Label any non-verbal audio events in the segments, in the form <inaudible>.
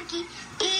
aquí y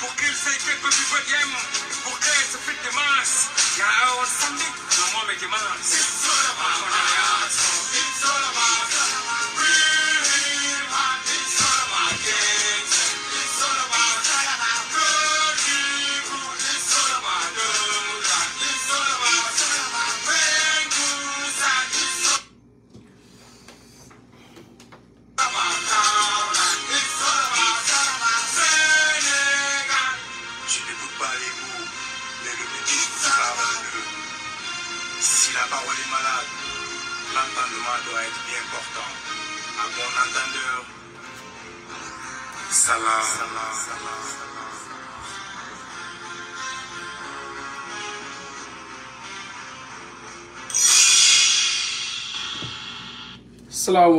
Pour qu'il s'inquiète quelque tu veux bien, pour qu'elle se fait des masses. Y'a un samedi, maman moi demande. It's all about, it's all salam. Assalamu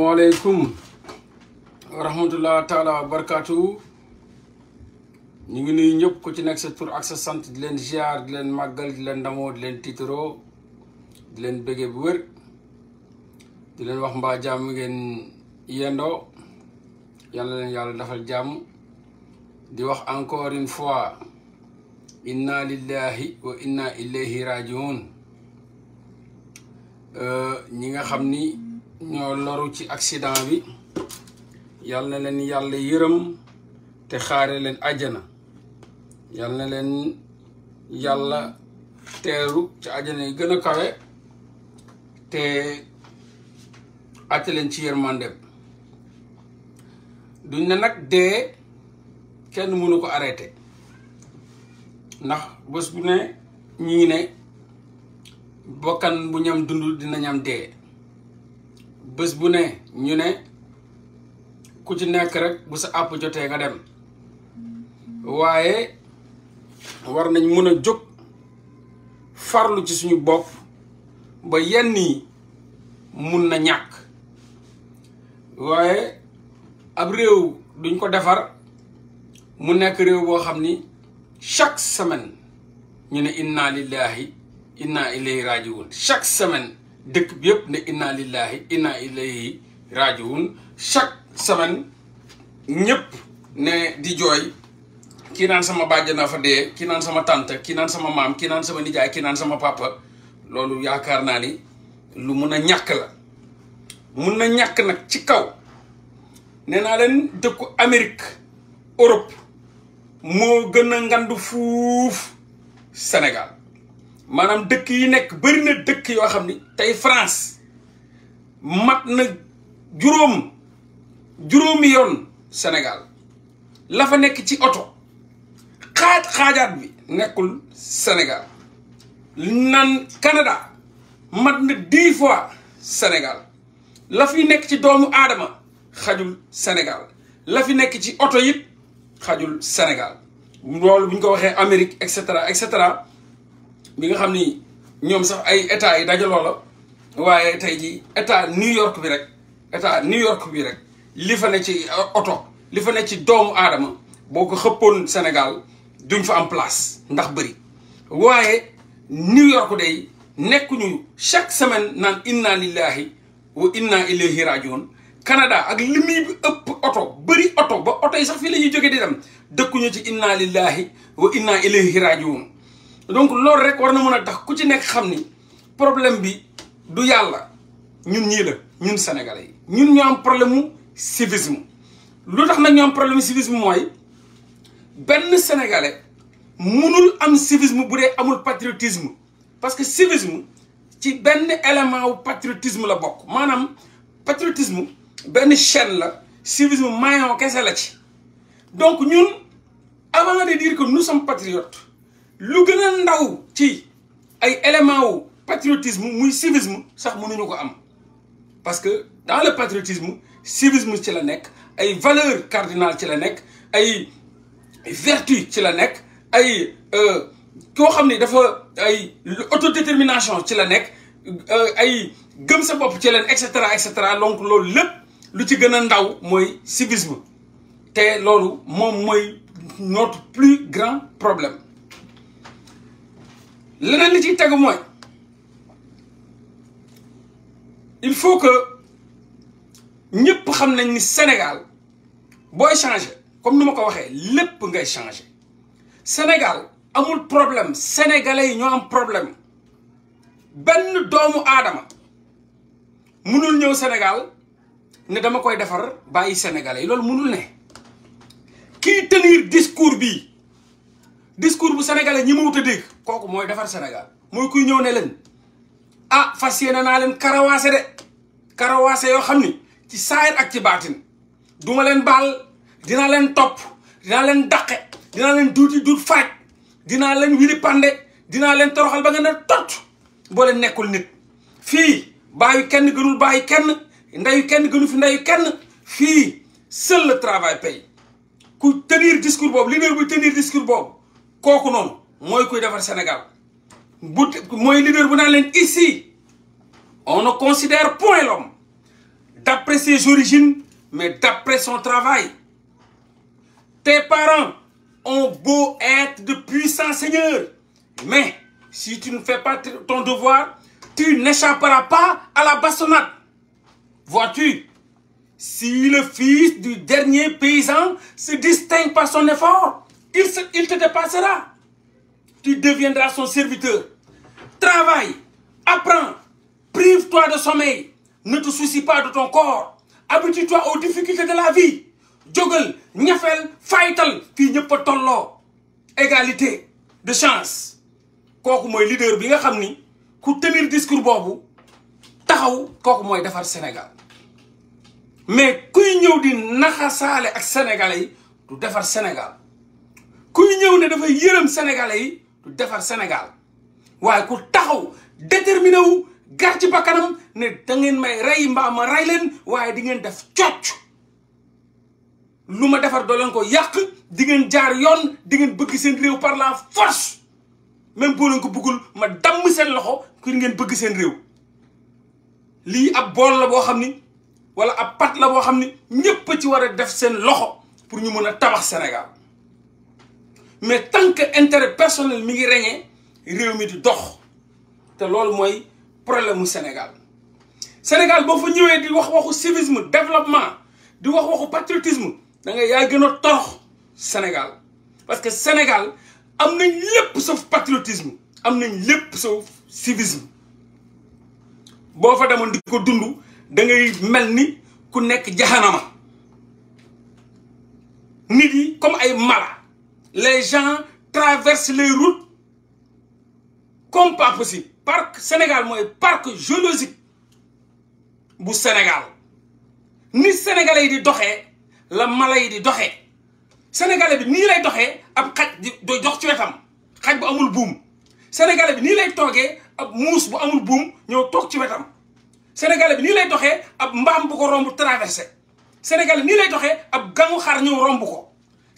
alaikum rahmatulah taala barkatu ñu ngi nuyu ñëpp ku ci nekk sa tur ak sa sant di leen ziar di leen màggal di leen ndamoo di leen tiitaroo di leen bëggee bu wér di leen wax mbaa jàmm ngeen yendoo yàlla leen yàlla dafal jàmm di wax encore une fois inna lillahi wa inna ilayhi rajiun euh, ñi nga xam ni ñoo loru ci accident bi yal na leen yàlla yërëm te xaare leen àjjana yal na leen yàlla teeru ci àjjana yi gën a kawe te àtte leen ci yërmandeem duñ ne nag dee kenn mënu ko arrêté ndax bës bu né ñi né bokkan bu ñam dundul dina ñam dé bës bu né ñu né ku ci nekk rek bu sa app joté nga dem wayé war nañ mëna a farlu ci suñu bop ba yenn ni mun na ñàkk ab réew duñ ko défar mu nekk réew boo xam ni chaque semaine ñu ne inna lillahi inna ilayhi rajiwun chaque semaine dëkk yëpp ne inna lillahi inna ilayhi rajiwun chaque semaine ñëpp ne di jooy kii naan sama bàjj naa fa dee kii naan sama tànt kii naan sama maam kii naan sama nijaay ki naan sama papa loolu yaakaar naa ni lu mun a ñàkk la mun na ñàkk nag ci kaw ne naa leen dëkku Amérique Europe moo gën a ngandu fuuf Sénégal maanaam dëkk yi nekk bëri na dëkk yoo xam ni tey France mat na juróom juróomi yoon Sénégal la nekk ci oto xaaj xaajaat bi nekkul Sénégal naan Canada mat na dix fois Sénégal la fi nekk ci doomu aadama xajul Sénégal la fi nekk ci oto yit xajul Sénégal loolu bu ñu ko waxee Amérique et cetera et cetera bi nga xam ni ñoom sax ay état yi dajaloo la waaye tey ji état New York bi rek état New York bi rek li fa ne ci euh, oto li fa ci doomu aadama boo ko xëppoon Sénégal duñ fa am place ndax bëri waaye New York day nekkuñu chaque semaine naan inna lillahi wa inna ilayhi rajiun Canada ak li bi ëpp oto bëri oto ba oto yi sax fii la ñuy jóge di dem dëkkuñu ci inna lillahi wa inna ilayhi rajiun donc loolu rek war na mën a tax ku ci nekk xam ni problème bi du yàlla ñun ñii la ñun sénégalais ñun ñoo am problème mu civisme lu tax nag ñoo am problème civisme mooy benn sénégalais munul am civisme bu dee amul patriotisme parce que civisme ci benn élément wu patriotisme la bokk maanaam patriotisme ben chaîne civisme maillon kese la ci donc ñun avant de dire que nous sommes patriotes lu gëna ndaw ci ay éléments wu patriotisme muy civisme sax mënuñu ko am parce que dans le patriotisme civisme ci la nek ay valeurs cardinales ci la nek ay vertu ci la nek ay euh ko xamni dafa ay autodétermination ci la nek euh, ay gëm sa bop ci leen etc etc donc loolu lu ci gën ndaw mooy civisme C'est notre plus grand problème leneen li il faut que nous xam nañ ni Sénégal doit changer comme nous ma ko waxee lépp ngay changer Sénégal amul problème sénégalais yi ñoo am problème benn doomu aadama mënul ñëw Sénégal. ne dama koy defar bàyyi sénégalais yi loolu mënul ne kii tenir discours bi discours bu sénégalais ñi ma wut dégg kooku mooy defar Sénégal mooy kuy ñëw ne leen ah fas yéene naa leen karawaase de karawaase yoo xam ni ci saayir ak ci baatin duma leen baal dinaa leen topp dinaa leen daqe dinaa leen duuti duut faaj dinaa leen wili pande dinaa leen toroxal ba nga ne tot boo leen nekkul nit fii bàyyi kenn gënul bàyyi kenn Il kenn gënu fi ndeyu kenn seul le travail paye ku tenir discours bob, leader bu tenir discours bob, kooku non moy kuy defar Sénégal bu leader bu ici on ne considère point l'homme d'après ses origines mais d'après son travail tes parents ont beau être de puissants seigneurs mais si tu ne fais pas ton devoir tu n'échapperas pas à la bastonnade Vois-tu, si le fils du dernier paysan se distingue par son effort, il, te dépassera. Tu deviendras son serviteur. Travaille, apprends, prive-toi de sommeil, ne te soucie pas de ton corps, habitue-toi aux difficultés de la vie. Joggle, ñafel, faytal, pas ton lot. Égalité de chance. leader bi discours Sénégal. mais kuy ñëw di naxasaale ak sénégalais yi du defar Sénégal kuy ñëw ne dafay yërëm sénégalais yi du defar Sénégal waaye ku taxaw déterminé wu gar ci bakkanam ne da ngeen may rey mbaam ma rey leen waaye di ngeen def cocc lu ma defar doo leen ko yàq di ngeen jaar yoon di ngeen bëgg seen réew par la force même boo leen ko bëggul ma damm seen loxo ngir ngeen bëgg seen réew lii ab bool la boo xam ni. wala ab pat la boo xam ni ñëpp ci war a def seen loxo pour ñu mën a tabax Sénégal mais tant que intérêt personnel mi ngi reñee réew mi di dox te loolu mooy problème Sénégal Sénégal boo fa ñëwee di wax waxu civisme développement di wax waxu patriotisme da nga yaay gën a torox Sénégal parce que Sénégal am nañ lépp sauf patriotisme am nañ lépp sauf civisme boo fa demoon di ko dund da ngay mel ku nek jaxanama nit yi comme ay mala les gens traversent les routes comme pas possible parc Sénégal moy parc géologique bu Sénégal ni sénégalais yi di doxé la mala yi di doxé sénégalais bi ni lay doxé ab xaj di dox ci wétam xaj bu amul boom sénégalais bi ni lay togué ab muus bu amul boom ñëw tok ci wétam sénégalais bi nii lay doxee ab mbaam bu ko romb traversé sénégalais nii lay doxee ab gangu xar ñëw romb ko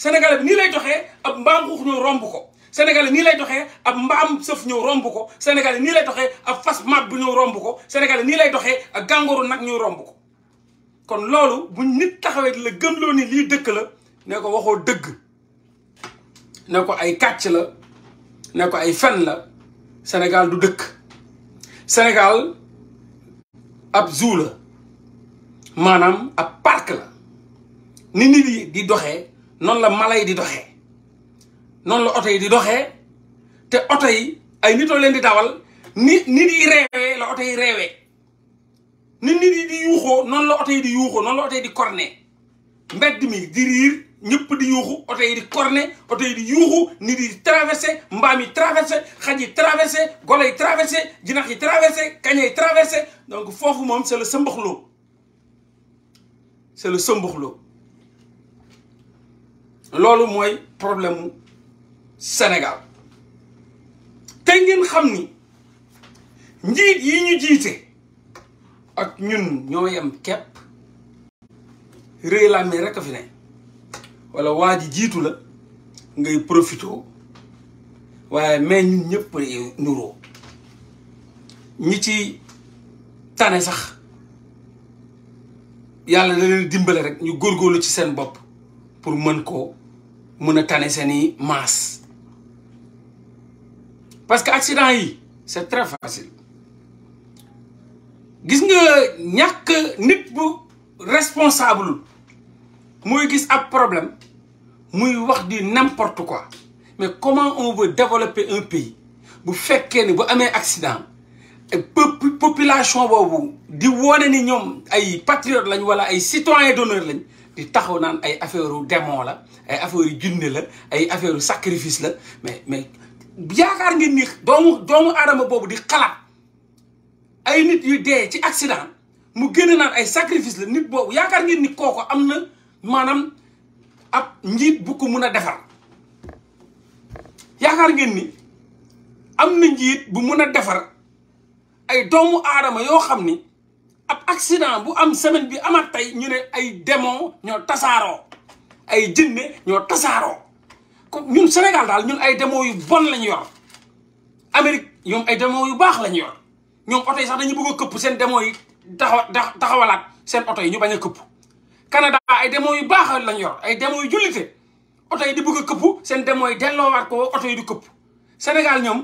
sénégalais bi nii lay doxee ab mbaam xuux ñëw romb ko sénégalais nii lay doxee ab mbaam sëf ñëw romb ko sénégalais nii lay doxee ab fas mab bu ñëw romb ko sénégalais nii lay doxee ak gàngooru nag ñëw romb ko kon loolu bu nit taxawee la gëmloo ni lii dëkk la ne ko waxoo dëgg ne ko ay kàcc la ne ko ay fen la Sénégal du dëkk Sénégal ab zoo la maanaam ab parc la ni nit yi di doxee noonu la mala yi di doxee noonu la oto yi di doxee te oto yi ay nitoo leen di dawal ni nit yi reewee la oto yi reewee ni nit yi di yuuxoo noonu la oto yi di yuuxoo noonu la oto di corne mbedd mi di riir ñëpp di yuuxu oto yi di corné oto yi di yuuxu nit yi di traversé mbaam yi traversé xaj yi traversé golo yi traversé jinax yi traversé kaña yi traversé donc foofu moom c'est le sëmbaxloo c'est le sëmbaxloo loolu mooy problème mu Sénégal te ngeen xam ni njiit yi ñu jiite ak ñun ñoo yem képp réew mi rek a fi ne wala waa ji jiitu la ngay profitoo waaye mais ñun ñëpp nuroo ñi ci tane sax yàlla da leen dimbale rek ñu góorgóorlu ci seen bopp pour mën koo mun a tane seeni maas parce que accident yi c'est très facile gis nga ñàkk nit bu responsable mooy gis ab problème muy wax di n'importe quoi mais comment on veut développer un pays bu fekkee ni bu amé accident peuple population bobu di woné ni ñom ay patriotes lañ wala ay citoyens d'honneur lañ di taxaw nan ay affaireu démon la ay affaireu yu la ay affaireu sacrifice la mais mais yaakar ngeen ni doomu doomu adama bobu di xalat ay nit yu dé ci accident mu gën nan ay sacrifice la nit bobu yaakar ngeen ni koko amna manam ab njiit bu ko mun a defar yaakaar ngeen ni am na njiit bu mun a defar ay doomu aadama yoo xam ni ab accident bu am semaine bi amaat tey ñu ne ay démon ñoo tasaaroo ay jinne ñoo tasaaroo kon ñun Sénégal daal ñun ay démon yu bon lañ yor Amérique ñoom ay démon yu baax lañ yor ñoom oto yi sax dañu bëgg a këpp seen démon yi taxaw taxawalaat seen oto yi ñu bañ a këpp Canada ay démo yu baax lañ yor ay démo yu jullite oto yi di bëgg a këppu seen démo yi delloowaat ko oto yi di këpp Sénégal ñoom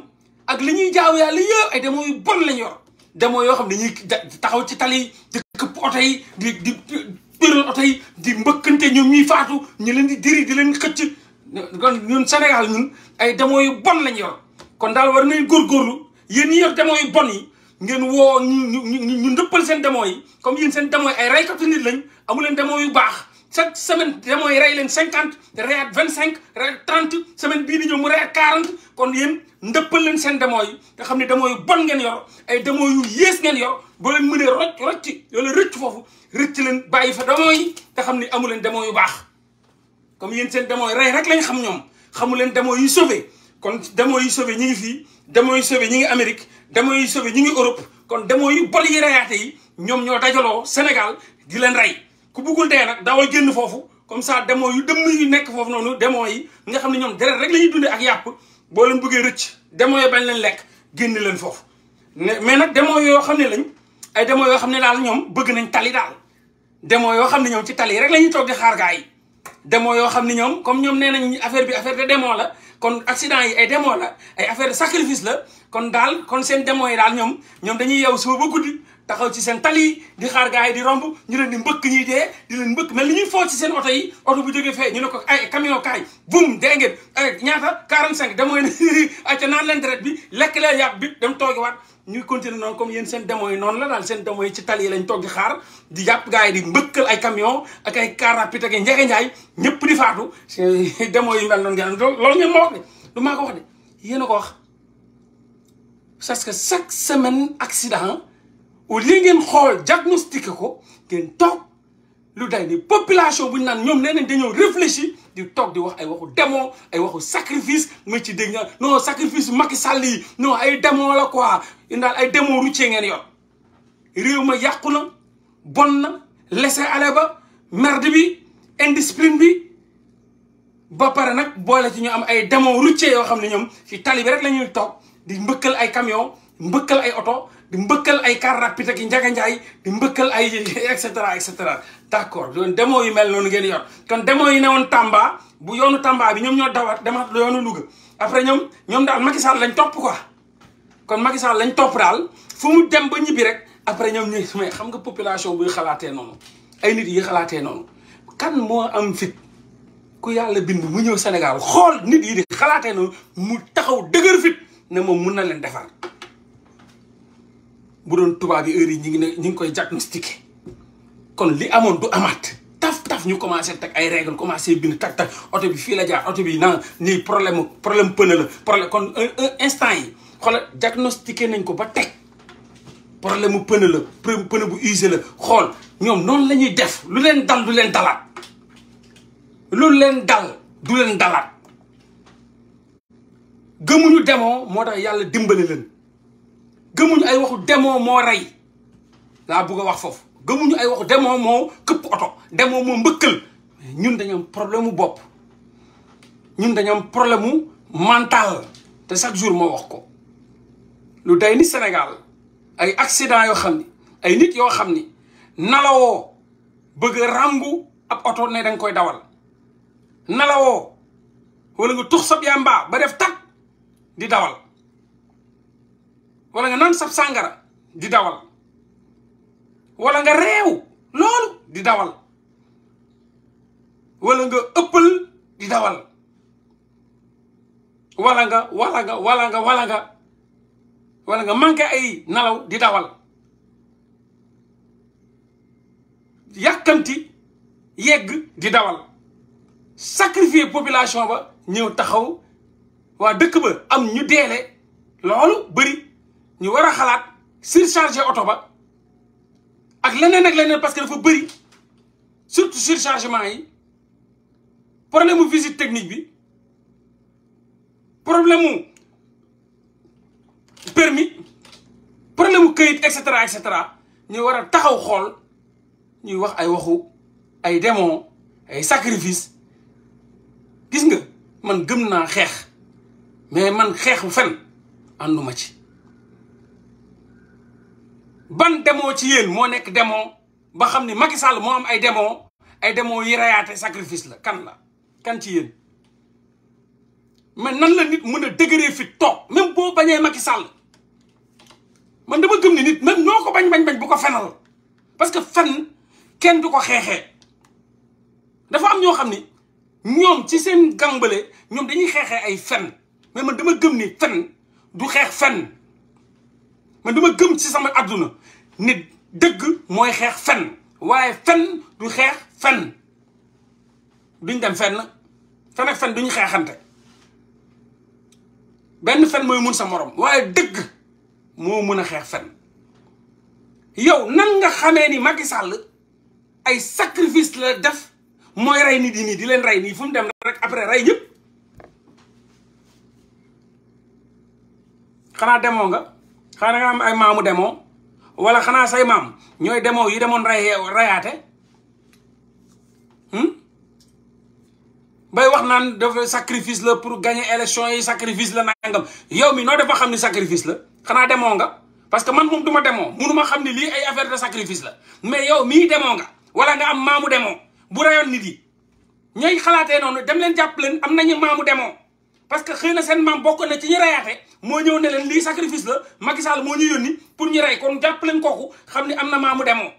ak li ñuy jaaw yàlla yëpp ay démo yu bon lañ yor démo yoo xam ne dañuy taxaw ci tali di këpp oto yi di di biral oto yi di mbëkkante ñoom ñuy ñu leen di diri di leen kon ñun Sénégal ñun ay démo yu bon lañ yor kon daal war nañ góor yéen ñi yor démo yu bon yi ngeen woo ñu ñu ñu ndëppal seen démo yi comme yéen seen démo yi ay raykatu nit lañ amu leen démo yu baax chaque semaine démo yi rey leen cinquante reyaat vingt cinq reyaat semaine bii di ñëw mu reyaat quarante kon yéen ndëppal leen seen démo yi te xam ne démo yu bon ngeen yor ay démo yu yées ngeen yor boo leen mënee rocc rocc wala rëcc foofu rëcc leen bàyyi fa démo yi te xam ne amu leen yu baax comme yéen seen demoo yi rey rek lañ xam ñoom xamu leen démo yu sauvé kon démo yu sauvé ñi ngi fii démo yu sauvé ñi ngi Amérique démo yu sauvé ñi ngi Europe kon démo yu bon yi reyaate yi ñoom ñoo dajaloo Sénégal di leen rey ku buggul dee nag dawal génn foofu comme ça démons yu dëmm yu nekk foofu noonu démons yi nga xam ne ñoom deret rek la ñuy dundee ak yàpp boo leen bëggee rëcc démons yi bañ leen lekk génn leen foofu. mais nag démons yoo xam ne lañ ay démons yoo xam ne daal ñoom bëgg nañ tali daal démons yoo xam ne ñoom ci tali rek la ñuy toog di xaar gaa yi. démons yoo xam ne ñoom comme ñoom nee nañ affaire bi affaire de démon la kon accident yi ay démon la ay affaire de sacrifice la kon daal kon seen démons yi daal ñoom ñoom dañuy yeew suba ba guddi taxaw ci seen tali di xaar gaa yi di romb ñu leen di mbëkk ñuy dee di leen mbëkk mais li ñuy foo ci seen oto yi oto bu jógee fee ñu ne ko ay camion kaay bum dee ngeen ñaata 45 demoo yi acca <laughs> naan leen deret bi lekk leen yàpp bi dem toogiwaat ñuy continuer noonu comme yéen seen demoo yi noonu la daal seen demoo yi ci tali yi lañ toog di xaar di yàpp gars yi di mbëkkal ay camion ak ay car rapide ak ay njege njaay ñëpp di faatu <laughs> demoo yi mel noonu ngeen loolu ngeen ma wax de lu maa ko wax de yéen a ko wax parce que chaque semaine accident au lieu ngeen xool diagnostiqué ko ngeen toog lu day di population bu ñu naan ñoom nee nañ dañoo réfléchir di toog di wax ay waxu démon ay waxu sacrifice ma ci dégg nga non sacrifice Macky Sall yi non ay demoo la quoi daal ay démon routier ngeen yor réew ma yàqu na bon na laisser-aller ba merde bi indiscipline bi ba pare nag boole ci ñu am ay démon routier yoo xam ne ñoom fi tali rek la ñuy toog di mbëkkal ay camion mbëkkal ay oto di mbëkkal ay car rapide ak njaga njaay di mbëkkal ay <laughs> et cetera et cetera d' demoo yu mel noonu ngeen yor kon demoo yi newoon Tamba bu yoonu Tamba bi ñoom ñoo dawat demaat yoonu Louga après ñoom ñoom daal Macky Sall lañ topp ko kon Macky Sall lañ topp daal fu mu dem ba ñibbi rek après ñoom ñooy mais xam nga population buy xalaatee noonu ay nit yi xalaatee noonu kan moo am fit ku yàlla bind mu ñëw Sénégal xool nit yi di xalaatee noonu mu taxaw dëgër fit ne moom mun na leen defar. bu doon tubaab yi heure yi ñu ngi ne ñu ngi koy diagnostiqué kon li amoon du amaat taf taf ñu commencé teg ay règle commencé bind tak tak oto bi fii la jaar oto bi naan nii problème problème pëne la problème kon instant yi xoolal diagnostiqué nañ ko ba teg problème mu pëne la pëne bu usé la xool ñoom noonu la ñuy def lu leen dal du leen dalaat lu leen dal du leen dalaat gëmuñu demoo moo tax yàlla dimbale leen. gëmuñu ay waxu demoo moo rey laa bëgg a wax foofu gëmuñu ay waxu demoo moo këpp oto demoo moo mbëkkal ñun dañu am problème mu bopp ñun dañu am problème mu mental te chaque jour moo wax ko lu day ni Sénégal ay accident yoo xam ni ay nit yoo xam ni nalawoo bëgg a ràmbu ab oto ne danga koy dawal nalawoo wala nga tux sab yàmba ba def tag di dawal wala nga naan sab sàngara di dawal wala nga réew loolu di dawal wala nga ëppal di dawal wala nga wala nga wala nga wala nga wala nga ay nalaw di dawal yàkkamti yegg di dawal sacrifier population ba ñëw taxaw waa dëkk ba am ñu deele loolu bëri ñu war a xalaat surchargé oto ba ak leneen ak leneen parce que dafa bëri surtout surchargement yi problème mu visite technique bi problème mu permis problème mu këyit et cetera et cetera ñu war a taxaw xool ñuy wax ay waxu ay démon ay sacrifice gis nga man gëm naa xeex mais man xeexu fen ànduma ci ban demoo ci yéen moo nekk demoo ba xam ni Macky Sall moo am ay démo ay démo yi rayaate sacrifice la kan la kan ci yéen mais nan la nit mën a dëgëree fi toog même boo bañee Macky Sall man dama gëm ni nit même noo ko bañ bañ bañ bu ko fenal parce que fen kenn du ko xeexee dafa am ñoo xam ni ñoom ci seen gàmbale ñoom dañuy xeexee ay fen mais man dama gëm ni fen du xeex fen man dama gëm ci sama adduna nit dëgg mooy xeex fenn waaye fenn du xeex fenn duñ dem fenn fenn ak fenn duñu xeexante benn fenn mooy mën sa moroom waaye dëgg moo mën a xeex fenn yow nan nga xamee ni Macky sàll ay sacrifice la def mooy rey nit yi nii di leen rey nii fu mu dem rek après rey ñëpp xanaa demoo nga xanaa nga am ay maamu demoo wala xanaa say maam ñooy demoo yi demoon ray rayaate hmm? bay wax naan dafa sacrifice la pour gagner élection yi sacrifice la nangam yow mi noo dafa xam ni sacrifice la xanaa demoo nga parce que man moom duma ma demoo munuma xam ni lii ay affaire de sacrifice la mais yow mii demoo nga wala nga am maamu demoo bu rayoon nit yi ñooy xalaatee noonu dem leen jàpp leen am nañu maamu demoo parce que xëy na seen maam bokk na ci ñu reyaate moo ñëw ne leen lii sacrifice la Macky moo ñu yónni pour ñu rey kon jàpp leen kooku xam ni am na maamu demoo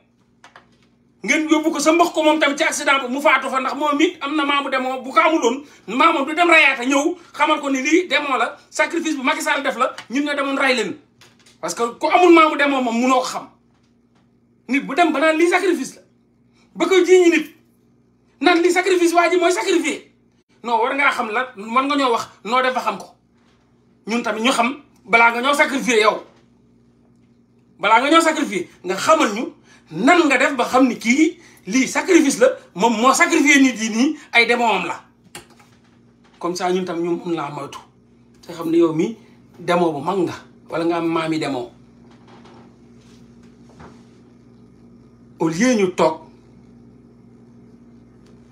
ngeen yóbbu ko sa mboq ko moom ci accident mu faatu fa ndax moom it am na maamu demoo bu ko amuloon maamam du dem reyaate ñëw xamal ko ni lii demoo la sacrifice bu Macky Sall def la ñun ñoo demoon rey leen parce que ko amul maamu demoo moom munoo ko xam nit bu dem ba naan lii sacrifice la ba koy jiiñi nit naan lii sacrifice waa ji mooy sacrifié non war ngaa xam la mën nga ñoo wax noo def ba xam ko ñun tamit ñu xam balaa nga ñoo sacrifier yow balaa nga ñoo sacrifier nga xamal ñu nan nga def ba xam ni kii lii sacrifice la moom moo sacrifier nit yi nii ay demoom la comme ça ñun tam ñu mun laa moytu te xam ne yow mii demoo bu mag nga wala nga am maami demoo au lieu ñu toog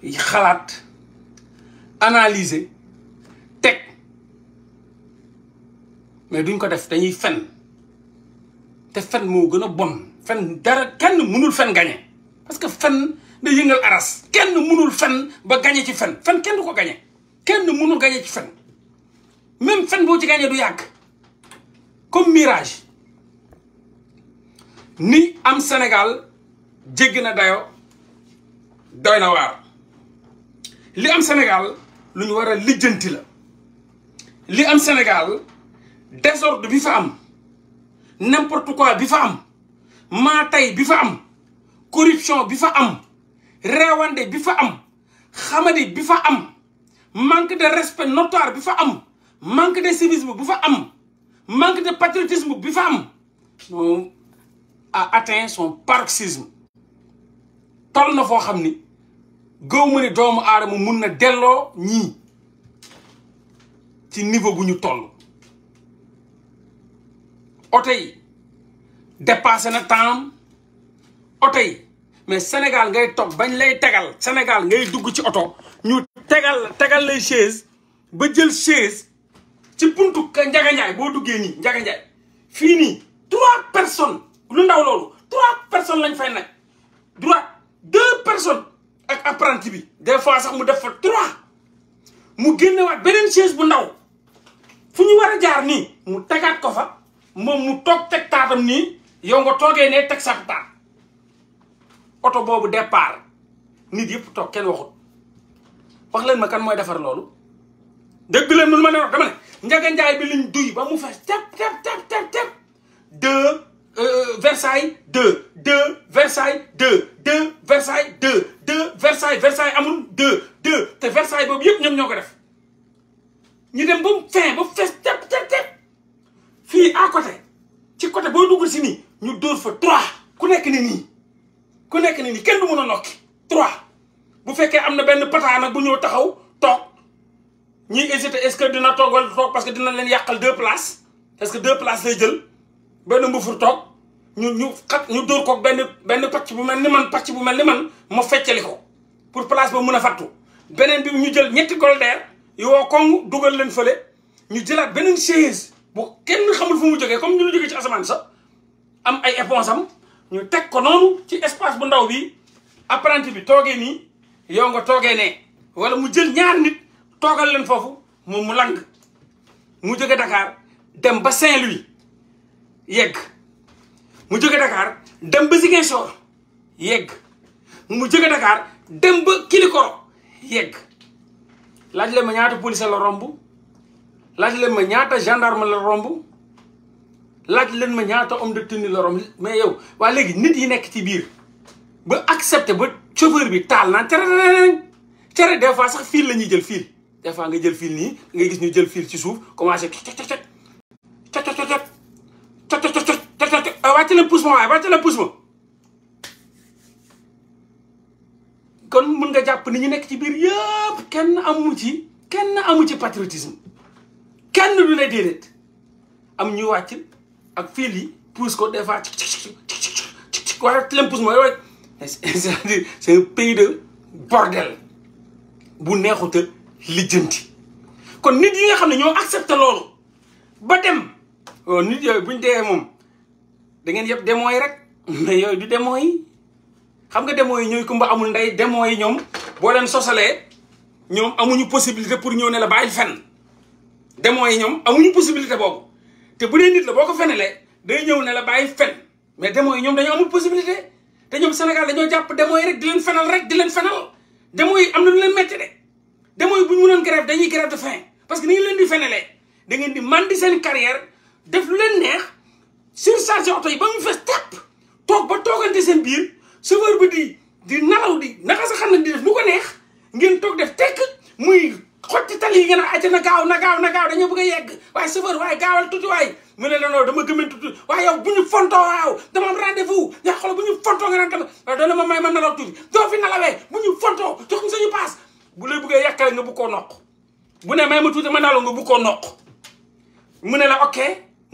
xalaat analyser teg mais duñ ko def dañuy fen te fen moo gën a bon fen dara kenn mënul fen gañe parce que fen da yëngal aras kenn mënul fen ba gañe ci fen fen kenn du ko gañe kenn mënul gañe ci fen même fen boo ci gañe du yàgg comme mirage ni am Sénégal jégg na dayo doy na waar li am Sénégal lu ñu war a lijjanti la li am Sénégal désordre bi fa am n'importe quoi bi fa am maatay bi fa am corruption bi fa am reewande bi fa am xamadi bi fa am manque de respect notoire bi fa am manque de civisme bi fa am manque de patriotisme bi fa am a atteint son paroxysme toll na foo gëw ma ne doomu aadama mun na delloo ñii ci niveau bu ñu toll oto yi na temps oto mais Sénégal ngay toog bañ lay tegal Sénégal ngay dugg ci oto ñu tegal tegal lay chaise ba jël chaise ci buntu Njaga Njaay boo duggee nii Njaga Njaay fii nii trois personnes lu ndaw loolu trois personnes lañ fay nag droit deux personnes ak apprenti bi des fois sax mu def fa trois mu génnewaat beneen chaise bu ndaw fu ñu war a jaar nii mu tegaat ko fa moom mu toog teg taatam nii yow nga toogee ne teg sa taat oto boobu départ nit yëpp toog kenn waxut wax leen ma kan mooy defar loolu dégg leen mënu ma ne wax dama ne njaga njaay bi liñ duy ba mu fees tep tep tep tep tep Euh, Versailles 2 2 Versailles 2 2 Versailles 2 2 Versailles Versailles amul 2 2 te Versailles boobu yëpp ñoom ñoo ko def ñu dem ba mu fin ba fees tep tep tep fii à côté ci côté boo dugg si nii ñu dóor fa 3 ku nekk ni nii ku nekk ni nii kenn du mun a nokki 3 bu fekkee am na benn pataana nag bu ñëw taxaw toog ñuy hésité est-ce que dina toog wala parce que dina leen yàqal deux places parce que deux places lay jël benn mbufur toog. ñu ñu xat ñu dóor ko benn benn pàcc bu mel ni man pàcc bu mel ni man mu feccali ko pour place ba mun a fattu beneen bi ñu jël ñetti goldeer yoo koŋ dugal leen fële ñu jëlaat beneen chaise bu kenn xamul fu mu jógee comme ñu lu jógee ci asamaan am ay éponge am ñu teg ko noonu ci espace bu ndaw bi apprenti bi toogee nii yow nga toogee ne wala mu jël ñaar nit toogal leen foofu moom mu lang mu jóge Dakar dem ba Saint-Louis mu jóge Dakar dem ba Ziguinchor yegg mu jóge Dakar dem ba Kilikoro yegg laaj leen ma ñaata police la romb laaj leen ma ñaata gendarme la romb laaj leen ma ñaata homme de la romb mais yow waa léegi nit yi nekk ci biir ba accepté ba chauffeur bi taal naan cere cere des fois sax fil la ñuy jël fil des fois nga jël fil nii nga gis ñu jël fil ci suuf commencé cot cot cot wàcc leen pousse ma waaye wàcc leen pousse ma kon mun nga jàpp ni ñu nekk ci biir yëpp kenn amu ci kenn amu ci patriotisme kenn du ne déedéet am ñuy wàcc ak fil yi pousse ko des fois ci ci ci ci leen pousse ma waaye cest à de bordel bu neexut a lijjanti kon nit yi nga xam ne ñoo accepté loolu ba dem oh, nit yooyu buñ dee moom. da ngeen yëpp démons yi rek mais <laughs> yooyu du démons yi xam nga démons yi ñooy kumba amul ndey démons yi ñoom boo leen sosalee ñoom amuñu possibilité pour ñëw ne la bàyyi fen demon yi ñoom amuñu possibilité boobu te bu dee nit la boo ko fenelee day ñëw ne la bàyyi fen mais démons yi ñoom dañoo amul possibilité te ñoom Sénégal dañoo jàpp démons yi rek di leen rek di leen fenal démons yi am na lu leen métti de démons yi bu ñu mënoon dañuy grève de parce que ni ngeen leen di fenelee da ngeen di mandi seen carrière def lu leen neex surchargé oto yi ba mu fees tepp toog ba toogante seen biir chauffeur bi di di nalaw di naka sa xam ne di def lu ko neex ngeen toog def tekk muy xotti tali yi ngeen a acca na gaaw na gaaw na gaaw dañoo bëgg a yegg waaye chauffeur waaye gaawal tuuti waaye mu ne la non dama gëmën tuuti waaye yow bu ñu fontoo waaw dama am rendez-vous nga xool bu na ma bu ñu ne may ma tuuti ma nalaw nga bu koo mu ne la ok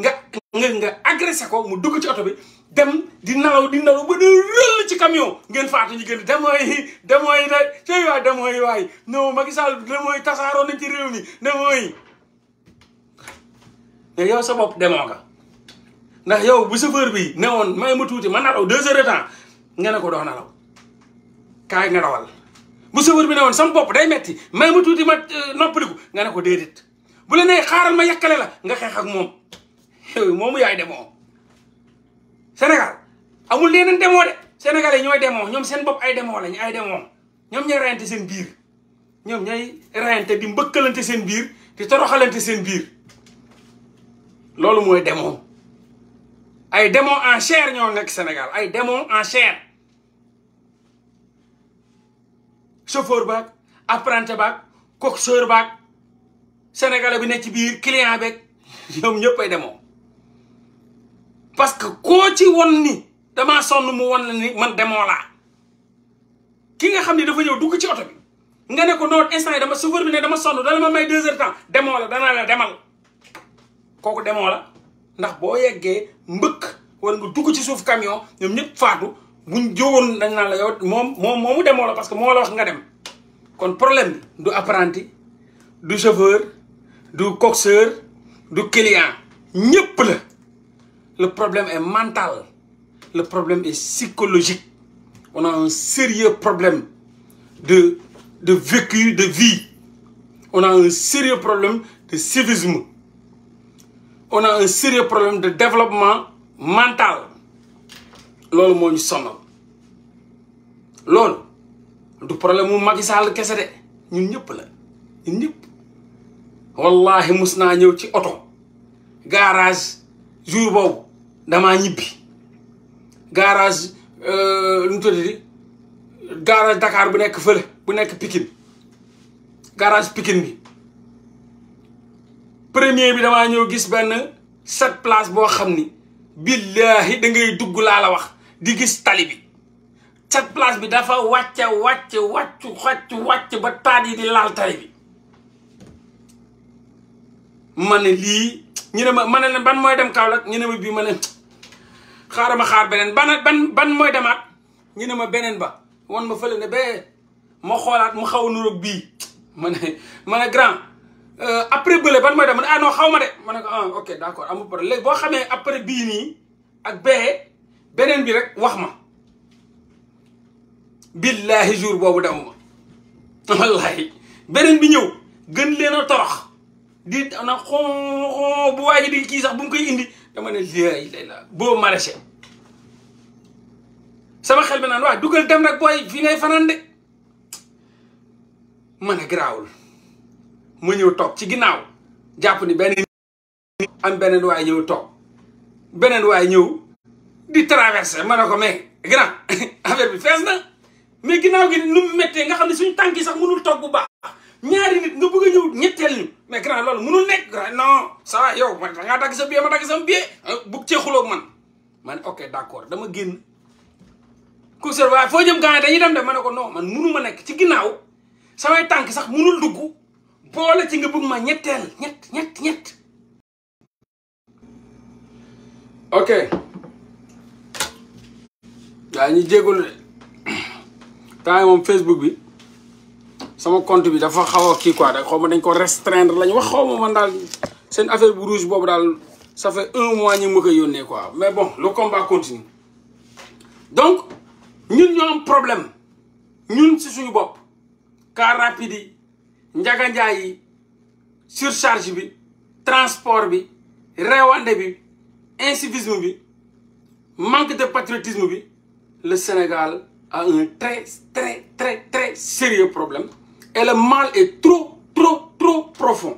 nga nga nga agressé ko mu dugg ci oto bi dem di nalaw di nalaw ba di rëll ci camion ngeen faatu ñu gën demooy demooy da cey waay demooy waay non Macky Sall demooy tasaaroo nañ ci réew mi demooy mais yow sa bopp demoo nga ndax yow bu chauffeur bi ne woon may ma tuuti ma nalaw deux heures de nga ne ko doo nalaw kaay nga dawal bi ne woon bopp day metti may ma tuuti ma euh, noppaliku nga ne ko déedéet bu la nee xaaral ma yàkkale la nga xeex ak moom yow moomu yaay demoo Sénégal amul leneen demoo de sénégalais ñooy demoo ñoom seen bopp ay demoo lañu ay demoo ñoom ñooy rayante seen biir ñoom ñooy rayante di mbëkkalante seen biir di toroxalante seen biir loolu mooy demoo ay demoo en chair ñoo nekk Sénégal ay demoo en chair chauffeur baag apprenti baag coxeur baag sénégalais bi nekk ci biir client beeg <laughs> ñoom ñëpp ay demoo parce que koo ci won ni damaa sonn mu won la ni man demoo laa ki nga xam ni dafa ñëw dugg ci oto bi nga ne ko noon instant yi dama chauffeur bi dama sonn dala ma may deux heures temps demoo la danaa la demal kooku demoo la ndax boo yeggee mbëkk war nga dugg ci suuf camion ñoom ñëpp faatu buñ jówoon dañ naan la yow moom moom moomu demoo la parce que moo la wax nga dem kon problème bi du apprenti du chauffeur du coxeur du client ñëpp la Le problème est mental. Le problème est psychologique. On a un sérieux problème de, de vécu, de vie. On a un sérieux problème de civisme. On a un sérieux problème de développement mental. C'est moo ñu sonal loolu du problème mu Macky Sall de ñun ñëpp la ñun ñëpp wallahi Je suis ñëw ci oto garage jour où damaa ñibbi garage lu euh, mu garage Dakar bu nekk fële bu nekk Pikine garage Pikine bi premier bi damaa ñëw gis benn sept place boo xam ni billaahi da ngay dugg laa la wax di gis tali bi sept place bi dafa wàcc wàcc wàcc wàcc ba taat yi di laal tali bi ma lii ñu ne ma ma ne leen ban mooy dem Kaolack ñu ne ma bii ma ne xaaral ma xaar beneen ban ban ban mooy demaat ñu ne ma beneen ba wan ma fële ne bee ma xoolaat mu xaw a nuroog bii ma ne ma ne grand euh, après bële ban mooy dem ma ne ah xaw ma de ma ne ko ah, ok d' accord amul problème léegi boo xamee après bii nii ak bee beneen bi rek wax ma. billahi jour boobu dawuma <laughs> wallahi beneen bi ñëw gën leen a torox. di na xoo bu waaj di kii sax bu mu koy indi dama ne lay lay la boo maraîcher sama xel bi naan waaw dugal dem nag booy fii ngay fanaan de ma ne garaawul ma ñëw toog ci ginnaaw jàpp ni benn am beneen waay ñëw toog beneen waay ñëw di traversé ma ne ko mais grand <laughs> affaire bi fees na mais ginnaaw gi nu mu nga xam ne suñ tànk yi sax mënul toog bu baax ñaari nit nga bëgg a ñetteel ñu mais grand loolu mënul nekk grand non yow man da ngaa dagg sa billet ma dagg sama billet euh, bug cee man ma ne ok d' accord dama génn coureur waaye foo jëm gars yi dañuy dem de ma ne ko noo man mënu ma nekk ci ginnaaw samay tànk sax mënul dugg boole ci nga bëgg ma ñetteel ñett ñett ñett ok waaye ñu jégalu de temps moom Facebook bi sama compte bi dafa a quoi restreindre lañ wax affaire ça fait un mois que je mais bon le combat continue donc ñun avons am problème ñun si suñu bopp car rapide surcharge transport bi manque de patriotisme le Sénégal a un très très très très sérieux problème et le mal est trop trop trop profond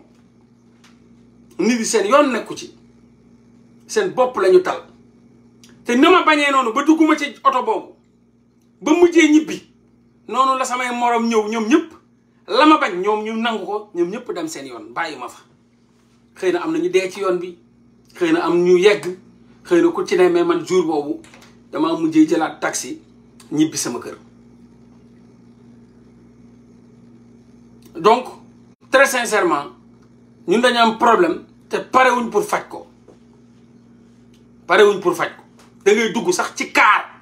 nit yi yon ne nekku Sen seen bopp lañu tal te na ma bañee noonu ba dugguma ci oto boobu ba mujjee ñibbi noonu la samay morom ñëw ñoom ñëpp la ma bañ ñoom ñu nangu ko ñoom ñëpp dem seen yoon bàyyi ma fa xëy na bi xëy am ñu yegg xëy na ku ci jour taxi ñibbi sama kër donc très sincèrement ñun dañu am problème te parewuñ pour faj ko parewuñ pour faj ko da ngay dugg sax ci kaar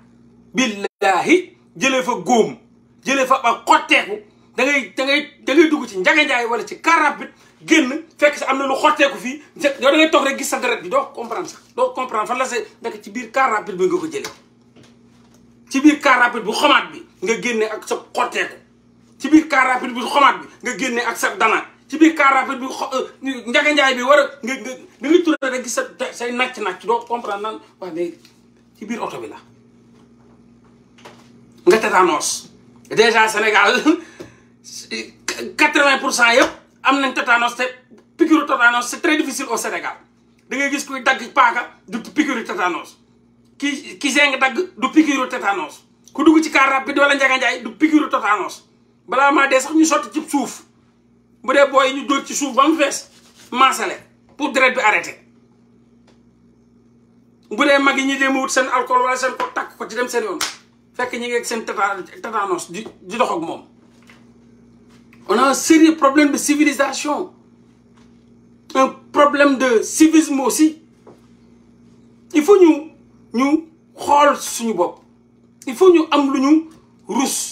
billaahi jëlee fa góom jëlee fa ba xotteeku da ngay da ngay da ngay dugg ci njaganjaay wala ci car rapide génn fekk sa am na lu xotteeku fii yow da ngay toog rek gis sa deret bi doo comprendre sax doo comprendre fan la sa nekk ci biir car rapide bi nga ko jëlee ci biir car rapide bu xomaat bi nga génne ak sa xotteeku ci bir car rapide bi xomat bi nga genné ak sa dana ci bir car rapide bi euh, njaga njaay bi war nga nga da ngay rek gis sa say nacc nàcc doo comprendre nan wa mais ci bir auto bi la nga tétanos déjà Sénégal 80% <laughs> yépp am nañ tétanos té piqûre tétanos c'est très difficile au Sénégal da ngay gis kuy dagg paaka du piqûre tétanos ki ki zeng dag du piqûre tétanos ku dugg ci car rapide wala njaga njaay du piqûre tétanos balaa maa dee sax ñu sotti ci souf bu dé boy ñu dóor ci souf bam fess masalé pour deret bi arrêté bu dé mag yi ñu dem wut alcool wala sen ko tak ko ci dem sen yoon fekk ñi ngeeg sen tétanos di di dox ak mom on a un sérieux problème de civilisation un problème de civisme aussi il faut ñu ñu xol suñu bop il faut ñu am luñu russe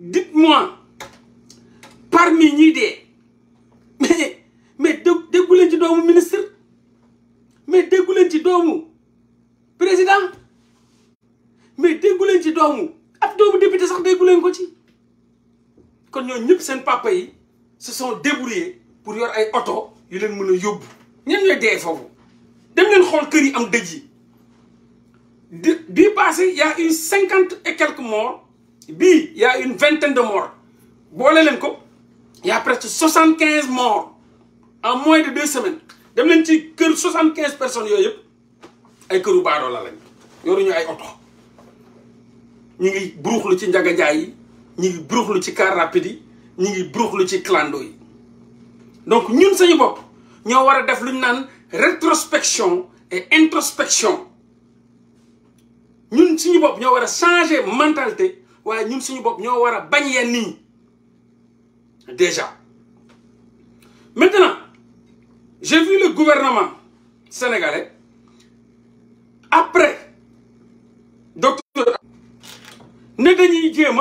dites-moi parmi ñii mais mais déggu ci ministre mais vous ci président mais déggu leen ci doomu ab député sax nous les ko ci. kon tous les papa se sont débrouillés pour yor ay auto, yu leen mën Ils ñen ñooy dee foofu dem leen xool yi am y a eu 50 et quelques morts il y' a une vingtaine de morts Il il y' a presque 75 morts en moins de deux semaines dem y ci 75 personnes yooyu ay këru Ils Nous lañ yoruñu ay oto ngi ci Nous ngi ci car rapide donc nous ñoo rétrospection et introspection Nous, nous bopp ñoo mentalité Ouais, ñun suñu bop nous wara déjà maintenant j'ai vu le gouvernement sénégalais après docteur ne dañuy jéem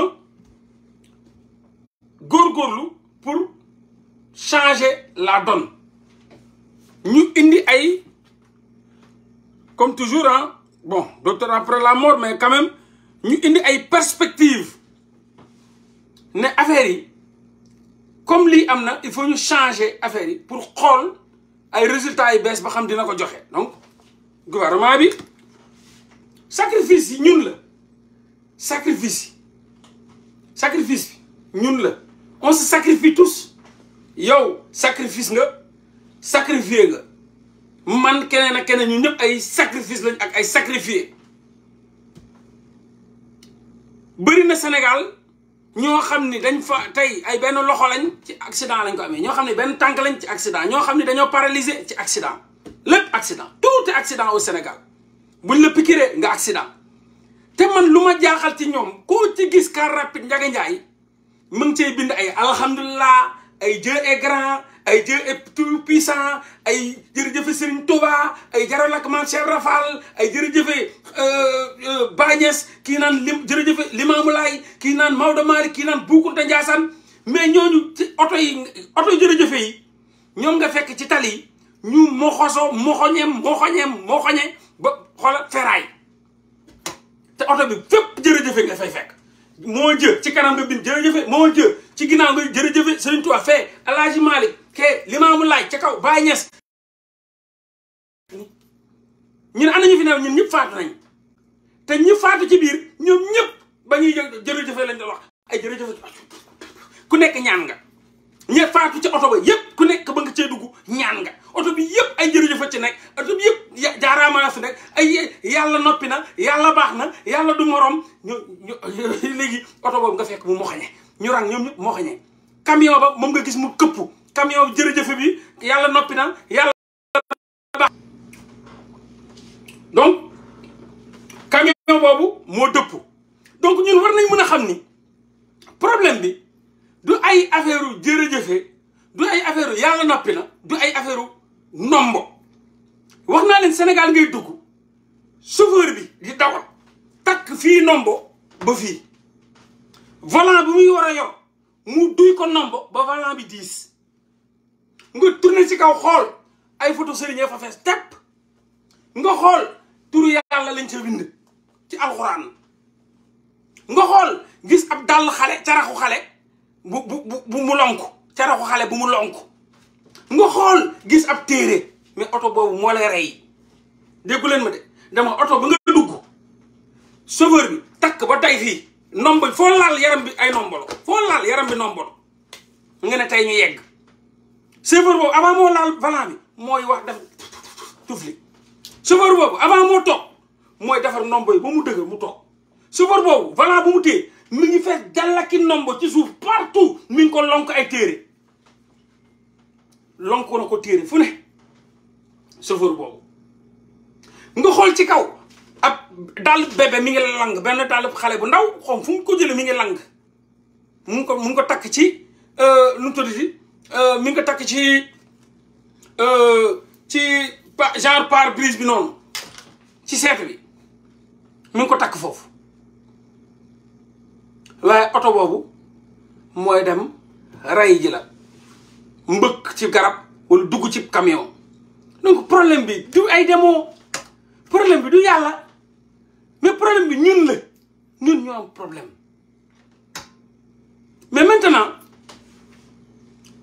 pour changer la donne Nous, indi ay comme toujours hein, bon docteur après la mort mais quand même une indi ay perspectives né affaire comme li amna il faut ñu changer affaire pour xol ay résultats soient bees ba xam dina ko joxe donc gouvernement bi sacrifice yi ñun la sacrifice sacrifice nous ñun la on se sacrifie tous Yo, sacrifice nga sacrifier. nga man keneen ak keneen ñu ñep ay sacrifice lañ ak ay sacrifié bëri na Sénégal ñoo xam ni dañ fa tey ay benn loxo lañ ci accident lañ ko amee ñoo xam ne benn tànk lañ ci accident ñoo xam ne dañoo paralysé ci accident lépp accident tout est accident au Sénégal buñ la piqûre nga accident te man lu ma jaaxal ci ñoom ko ci gis car rapide Ndiaga Ndiaye mu ngi cay bind ay alhamdulilah ay Dieu est grand ay Dieu est tout puissant ay jërëjëfe Serigne Touba ay jaralak man Cheikh Rafal ay jërëjëfe euh, euh, Bagnès kii naan lim jërëjëfe Limamou Laye kii naan Maodo Malick kii naan Boukounta Ndiassane mais ñooñu ci oto yi oto jërëjëfe yi ñoom nga fekk ci tali yi ñu moxoso moxoñeem moxoñeem moxoñe ba xoola feraay te oto bi fépp jërëjëfe nga fay fekk moo jë ci kanam nga bind jërëjëfe moo jë ci ginnaaw nga jërëjëfe Serigne Touba fee Alaaji Malick ke limaamu laaj ci kaw Baay Ñas ñun ana ñu fi new ñun ñëpp faatu nañ te ñu faatu ci biir ñoom ñëpp ba ñuy jërëjëfe lañ doon wax ay jërëjëfe ku nekk ñaan nga ñe faatu ci oto ba yëpp ku nekk ba nga cee dugg ñaan nga oto bi yëpp ay jërëjëf ci nekk oto bi yëpp jaaraama fi nekk ay yàlla noppi na yàlla baax na yàlla du morom ñu <laughs> léegi oto boobu nga fekk mu moxañe ñu rang ñoom ñëpp moxañe camion ba moom nga gis mu këpp camion jërëjëf bi yàlla noppi na yàlla baax donc camion boobu moo dëpp donc ñun war nañ mën a xam ni problème bi du ay affaire u jërëjëfe du ay affaire u yàlla noppi na du ay affaire nombo wax naa leen Sénégal ngay dugg chauffeur bi di dawal takk fii nombo ba fii volant bi muy war a yor mu duy ko nombo ba volant bi diis nga tourné ci kaw xool ay photo sëriñ fa fees tepp nga xool turu yàlla lañ ca bind ci alxuraan nga xool gis ab dàll xale caraxu xale bu bu bu mu lonk xale bu mu lonk nga xool gis ab téere mais oto boobu moo lay rey déggu leen ma de dama oto ba nga dugg chauffeur bi takk ba day fii nomb foo laal yaram bi ay nombolo foo laal yaram bi nombolo nga ne tey ñu yegg chauffeur boobu avant moo laal volant bi mooy wax def tufli chauffeur boobu avant moo toog mooy defar ndombo yi ba mu dëgër mu toog chauffeur boobu volant bu mu téye mi ngi fees gàllaki ndombo ci suuf partout mi ngi ko lonk ay téere lonk na ko téere fu ne chauffeur boobu nga xool ci kaw ab dàll bébé mi ngi lang benn dàll xale bu ndaw xom fu mu ko jële mi ngi lang mu ngi ko takk ci lu euh, mu tuddati Euh, mi ngi ko takk ci euh, ci genre pare-brise bi noonu ci seet bi mi ngi ko takk foofu waaye oto boobu mooy dem ray jila la mbëkk ci garab wala dugg ci camion donc problème bi du ay demoo problème bi du yàlla mais problème bi ñun la ñun ñoo am problème mais maintenant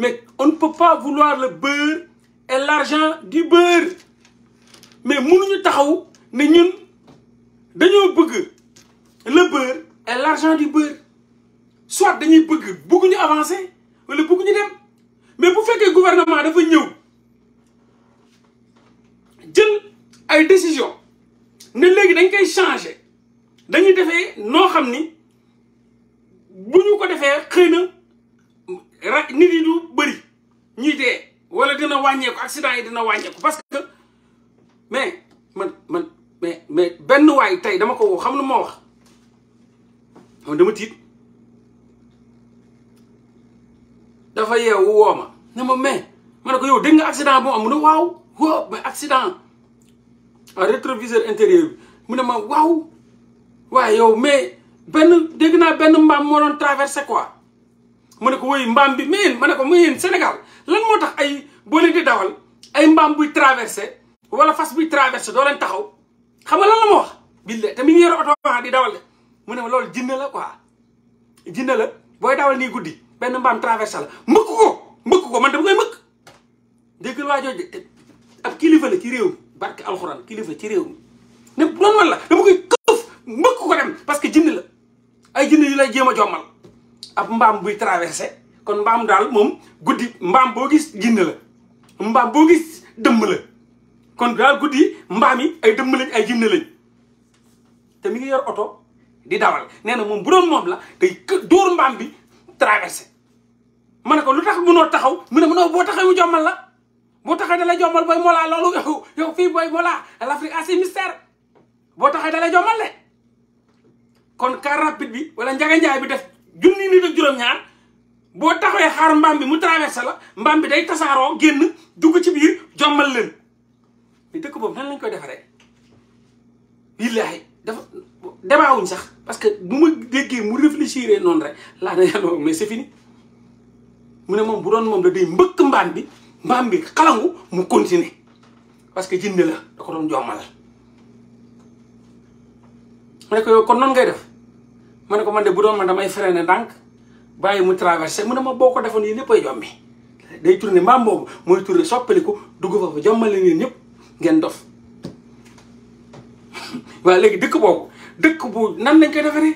Mais on ne peut pas vouloir le beurre et l'argent du beurre. Mais nous avons le beurre et l'argent du beurre. Soit nous voulons avancer ou nous voulons Mais pour faire que le gouvernement est venu, ay décision ne léegi dañ koy changer dañuy defee noo faire ni bu ñu ko defee xëy rek nit yi du bëri ñuy dee a dina wàññeeku accident yi dina wàññeeku parce que mais man mais mais benn waay tey dama ko woo xam lu ma wax moom dama dafa yeewu woo ma ne ma mais ma ne ko yow dégg nga accident bu am mu ne waaw waaw mais accident en rétroviseur intérieur bi mu ne ma waaw waaye yow mais benn dégg naa benn mbaam moo noon traversé quoi mu ne ko woy mbaam bi mais ma ne ko muy yéen Sénégal lan moo tax ay boo leen di dawal ay mbaam buy traversé wala fas buy traversé doo leen taxaw xam nga lan la ma wax. bille te mi ngi yor oto di dawal de mu ne loolu jinne la quoi jinne la booy dawal nii guddi benn mbaam traversé la mbëkk ko mbëkk ko man dama koy mbëkk déggal waa jooju ab kilifa la ci réew mi barke alxuraan kilifa ci réew mi ne loolu man la dama koy këf mbëkk ko dem parce que jinne la ay jinne yu lay jéem a jommal. ab mbam buy traversé kon mbam dal mom goudi mbam bo gis jinne la mbam bo gis demb la kon dal goudi mbaam yi ay demb lañ ay jinne lañ te mi ngi yor auto di dawal nee mom bu doon mom la day door mbam bi traversé ma ko lu tax munoo taxaw mu ne munoo boo taxaw mu jommal la bo taxaw dala lay jommal boy mola, loolu <laughs> yow yow fii booy Mollah l'Afrique a ses bo taxaw dala jommal le kon car rapide bi wala njaganjaay bi def jumni nit ak juróom-ñaar bo taxawee xaar mbam bi mu traverser la mbam bi day tassaro genn dugg ci biir jombal leen mais dekk bob nan lañ koy defare billahi dafa débaawuñ sax parce que bu ma déggee mu réfléchiré non rek la ne yalla mais c'est fini mu ne moom bu doon mom da day mbëkk mbam bi mbam bi xalangu mu continuer parce que jinn la da ko doon jommalal mu ne ko kon non ngay def. ma ne ko man de bu doon man damay freiné ndànk bàyyi mu traversé mu ne ma boo ko defoon yéen ñëppay jommi day tourné mbaam boobu mooy tourné soppaliku dugg foofu jommale nii ñëpp ngeen dof <laughs> waaw léegi dëkk boobu dëkk bu nan lañ koy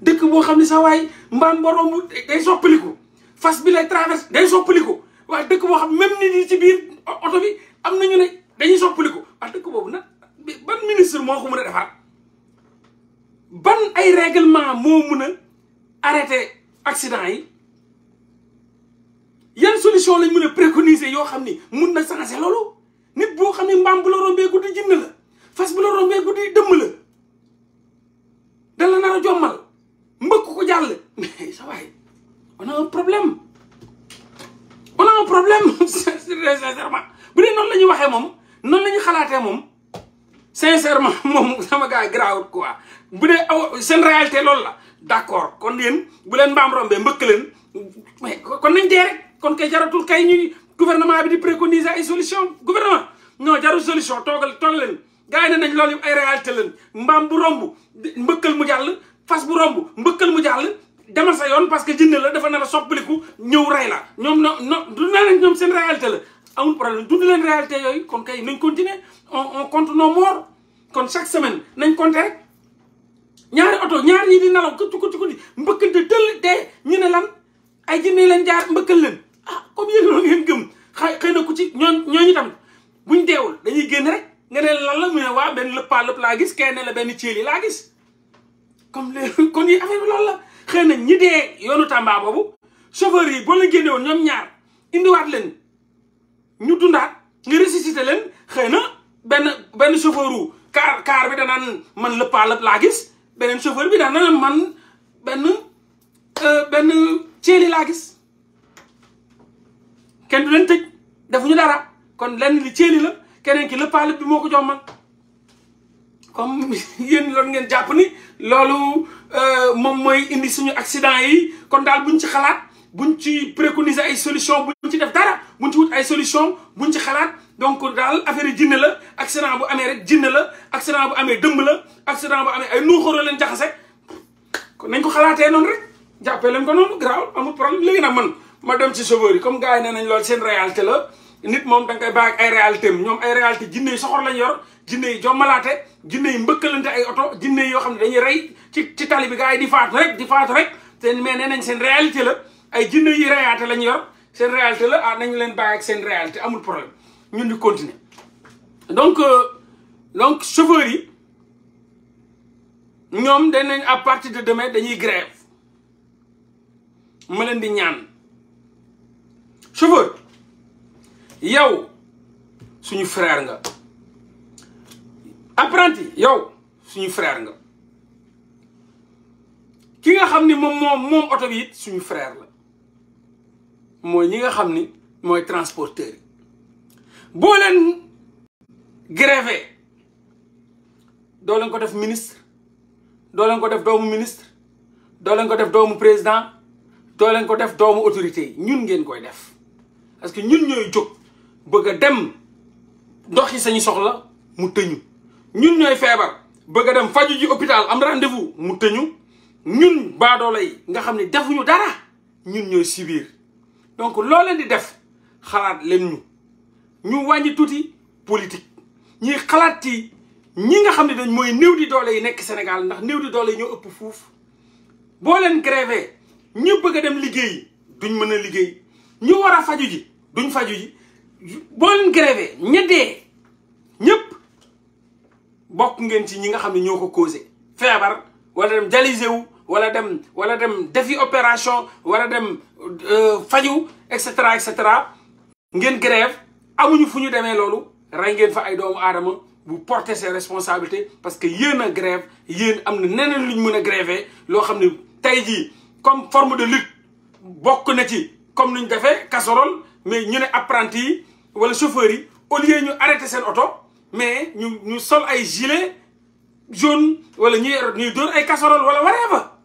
dëkk boo xam ne sa waay mbaam borom day soppaliku fas bi lay traversé day soppaliku waa dëkk boo xam même nit yi ci biir oto bi am nañu ne dañuy soppaliku waa dëkk boobu nag ban ministre moo ko mën a defaat ban ay règlement Il y a arrêter accident yi solution lañ préconiser yo xamni ni changer nit bo xamni ne bu la rombé goudi jinn la fas bu la rombé goudi dem la dal la ko <laughs> mais sa way on a un problème on a un problème <laughs> sincèrement bu non, non, la non, non, sincèrement <laughs> moom sama gars yi garaawut quoi bu dee aw seen réalité loolu la d' accord kon yéen bu leen mbaam rombee mbëkk leen mais kon nañ dee rek kon kay jaratul kay ñuy gouvernement bi di préconiser ay solution gouvernement ñoo jarul solution toogal toog leen gars yi ne nañ loolu yëpp ay réalité leen mbaam bu romb mbëkkël mu jàll fas bu romb mbëkkal mu jàll demal sa yoon parce que jinne la defa nar a soppaliku ñëw rey la ñoom no no du ne ñoom seen réalité la amul problème dund leen réalité yooyu kon kay nañ continuer on on compte nos morts kon chaque semaine nañ compter rek ñaari oto ñaari ñi di nalaw këccu këccu këccu mbëkkante tëll de ñu ne lan ay jinne leen jaar mbëkkal leen ah comme yéen loolu ngeen gëm xay xëy na ku ci ñooñu deewul dañuy génn rek nga ne la mu ne waa benn lëppaa lëpp laa gis kenn la benn ceeli laa gis comme léegi <laughs> kon yi affaire bi loolu la xëy na ñi dee yoonu Tamba boobu chauffeur yi boo leen génne woon ñoom ñaar indiwaat leen ñu dundaat nga ressuscité leen xëy na benn benn chauffeur wu kaar car bi danaan man lëppaa lëpp laa gis beneen chauffeur bi danaan man benn euh, benn ceeli laa gis kenn du leen tëj defuñu dara kon lenn li ceeli la keneen ki lëppaa lëpp bi moo ko jox man comme <laughs> yéen loolu ngeen jàpp ni loolu euh, moom mooy indi suñu accident yi kon daal buñ ci xalaat buñ ci préconiser ay solution buñ ci def dara buñ ci wut ay solution bu ñu ci xalaat donc daal affaire yi jinne la ak accident bu amee rek jinne la ak accident bu amee dëmb la accident bu amee ay nuuxóoro leen jaxase kon nañ ko xalaatee noonu rek jàppee leen ko noonu grave amul problème léegi nag man ma dem ci chauffeur comme gars nee nañ loolu seen réalité la nit moom da nga koy bàyyi ak ay réalité ñoom ay réalité jinne yi soxor lañ yor jinne yi jommalaate jinne yi mbëkkalante ay oto jinne yi yoo xam ne dañuy rey ci ci tali bi yi di faatu rek di faatu rek te mais nee nañ seen réalité la ay nous yi réalité lañu yor réalité la nous ah, nañu leen bàyyi ak réalité amul problème ñun nous continuer donc euh, donc chauffeurs yi ñoom à partir de demain dañuy grève ma leen di ñaan chauffeur yow suñu frère nga apprenti yow suñu frère nga ki nga xam ni moom frère mooy ñi nga xam ni mooy transporteur yi boo leen grévé doo leen ko def ministre doo leen ko def doomu ministre doo leen ko def doomu président doo leen ko def doomu autorité ñun ngeen koy def parce que ñun ñooy jóg bëgg a dem ndox yi sañu soxla mu tëñu ñun ñooy feebar bëgg a dem faju ji hôpital am rendez-vous mu tëñu ñun baadoola yi nga xam ne defuñu dara ñun ñooy sibiir donc loo leen di def xalaat leen ñu ñu wàññi tuuti politique ñuy xalaat ci ñi nga xam ne dañ mooy néew di doole yi nekk Sénégal ndax néew di doole yi ñoo ëpp fuuf boo leen grévé ñu bëgg a dem liggéey duñ mën a liggéey ñu war a faju ji duñ faju ji boo leen grévé ña dee ñëpp bokk ngeen ci ñi nga xam ne ñoo ko causé feebar wala dem dialysé wu wala dem wala dem defi opération wala dem Euh, faju etc etc et grève amuñu fu ñu demee loolu rey ngeen fa ay doomu aadama vous portez ses responsabilités parce que yéen a grève yéen am na neneen lu ñu mën a gréver loo xam ne comme forme de lutte bokk na ci comme nuñ defee casserole mais ñu ne apprenti yi wala chauffeurs au lieu ñu arrêter seen auto mais ñu ñu sol ay gilet jaune wala ñuy ñuy dóor ay casserole wala waree ba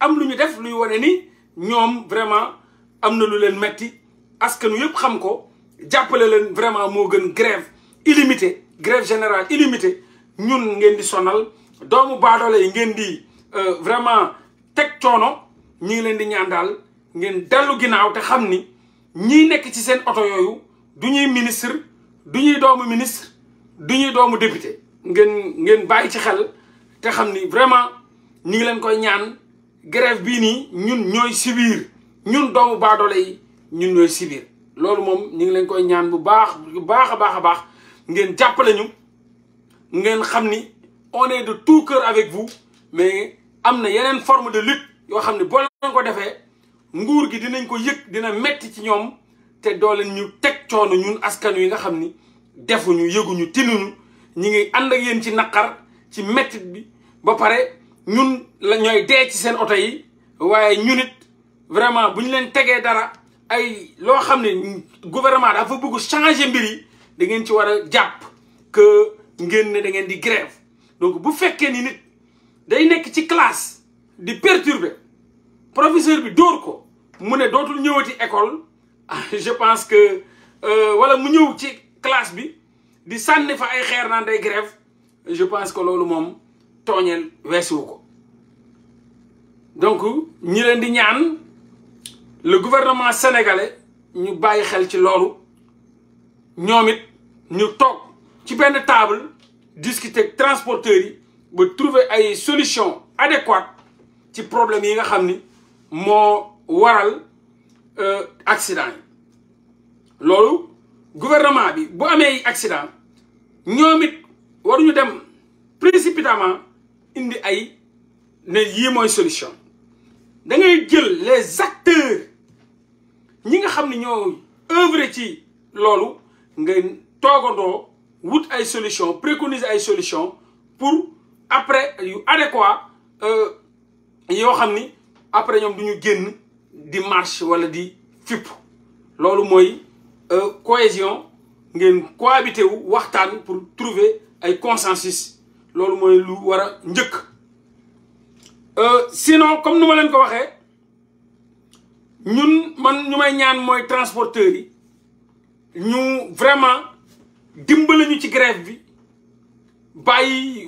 am lu ñu def luy wane ni ñoom vraiment am na lu leen metti askanu yëpp xam ko jàppale leen vraiment moo gën grève illimité grève général illimité ñun ngeen di sonal doomu baadoole yi ngeen di euh, vraiment teg coono ñu ngi leen di ñaan daal ngeen dellu ginnaaw te xam ni ñii nekk ci seen oto yooyu du ñuy ministre du ñuy doomu ministre du ñuy doomu député ngeen ngeen bàyyi ci xel te xam ni vraiment ñu ngi leen koy ñaan grève bii nii ñun ñooy sibiir ñun doomu baadoole yi ñun ñooy sibir loolu moom ñu ngi leen koy ñaan bu baax bu baax a baax a baax ngeen jàppale ñu ngeen xam ni one de tout cœur avec vous mais am na yeneen forme de lutte yoo xam ne boo ko defee nguur gi dinañ ko yëg dina metti ci ñoom te doo leen ñu teg coono ñun askan wi nga xam ni defuñu yëguñu tinuñu ñu ngi ànd ak yéen ci naqar ci mettit bi ba pare ñun la ñooy dee ci seen oto yi waaye ñun nit vraiment bu ñu leen tegee dara ay loo xam ne gouvernement dafa bëgg changer mbir yi da ngeen ci war a jàpp que ngeen ne da ngeen di grève donc bu fekkee ni nit day nekk ci classe di perturber professeur bi dóor ko mu ne dootul ñëwati école <laughs> je pense que euh, wala mu ñëw ci classe bi di sànni fa ay xeer naan day grève je pense que loolu moom tooñeel weesuwu donc ñi leen di ñaan le gouvernement sénégalais ñu bàyyi xel ci nous ñomit ñu tok ci benn table discuter avec transporteurs yi ba trouver ay solution adéquate ci problème yi nga xamni mo waral euh accident lolu gouvernement bi bu amé accident ñomit waru ñu dem précipitamment indi ay né yi moy solution da ngay jël les acteurs ñi nga xamni ñoo œuvre ci loolu nga toogandoo wut ay solution préconiser ay solution pour après yu adéquat euh yo xamni après ñom duñu ñu génn di marche wala di lolu moy euh cohésion ngeen cohabité wu waxtaan pour trouver ay consensus c'est ce lu wara euh, sinon comme nous leen ñun man ñaan transporteurs yi ñu vraiment ci grève bi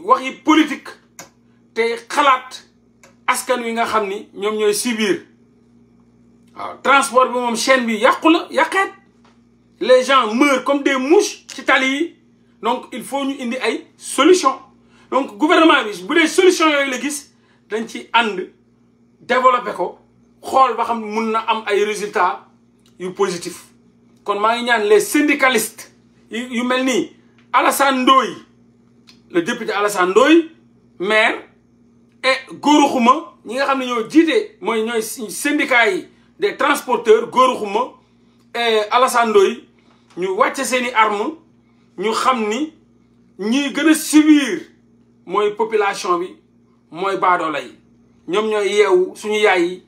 wax yi politique askan wi nga transport bi chaîne bi les gens meurent comme des mouches ci tali donc il faut ñu solution donc gouvernement si vous dee des solutions, la gis dañ ci and développé ko xool résultats yu positif kon vous ngi les syndicalistes yu mel nii Alassane Ndoye le député Alassane Ndoye maire et Gora Khouma ñi nga xam ne ñoo jiite syndicat des transporteurs Gora Khouma et Alassane Ndoye ñu wàcce seeni nous ñu xam ni nous subir moy population bi moy bado qui ñom ñoy yewu suñu yaay yi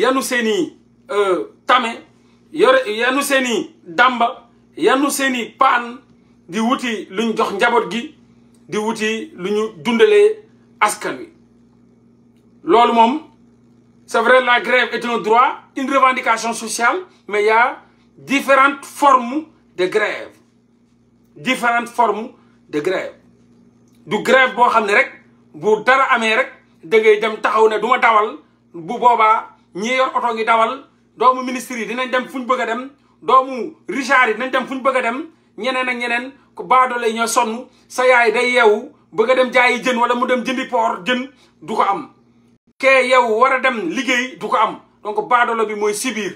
yanu est euh, tame yore yanu qui sont yanu di wuti luñ gi di askan c'est vrai la grève est un droit une revendication sociale mais il y a différentes formes de grève différentes formes de grève du grève boo xam ne rek bu dara amee rek da ngay dem taxaw ne du ma dawal bu boobaa ñi yor oto ngi dawal doomu ministre yi dinañ dem fu ñu bëgg a dem doomu Richard yi dinañ dem fu ñu bëgg a dem ñeneen a ñeneen ku baadoole ñoo sonn sa yaay day yeewu bëgg a dem jaayi jën wala mu dem jëndi poor jën du ko am. kee yeewu war a dem liggéey du ko am donc baadoolo bi mooy sibir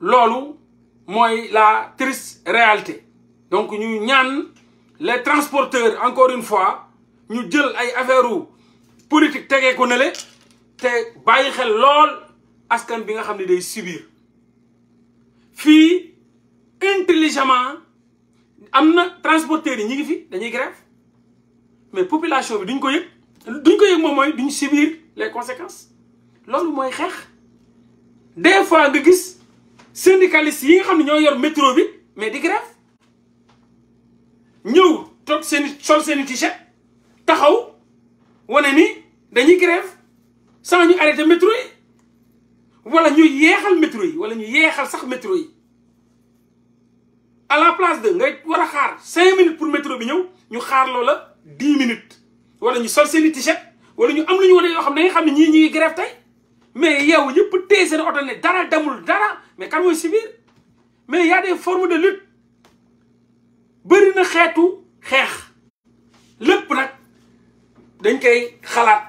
loolu mooy la triste réalité. donc nous, ñaan les transporteurs encore une fois nous jël ay affaires politique tegee ko et nous bàyyi xel lool askan bi nga xam day subir fii intelligemment am transporteurs yi ñi ngi fi dañuy grève mais population bi duñ ko yëg duñ ko yëg moom duñ subir les conséquences loolu mooy xeex des fois nga gis syndicalistes yi nga xam ñoo métro bi mais di grève nous, tok seen sol seen t-shirt taxaw ni dañuy grève sans ñu arrêté métro yi wala ñu métro yi wala ñu sax métro yi à la place de ngay minutes pour métro bi ñëw ñu xaar loola 10 minutes wala ñu sol seen t wala ñu am lu mais yow ñëpp téye seen oto mais kan y a des formes de lutte bëri xeetu xeex lépp nag dañ koy xalaat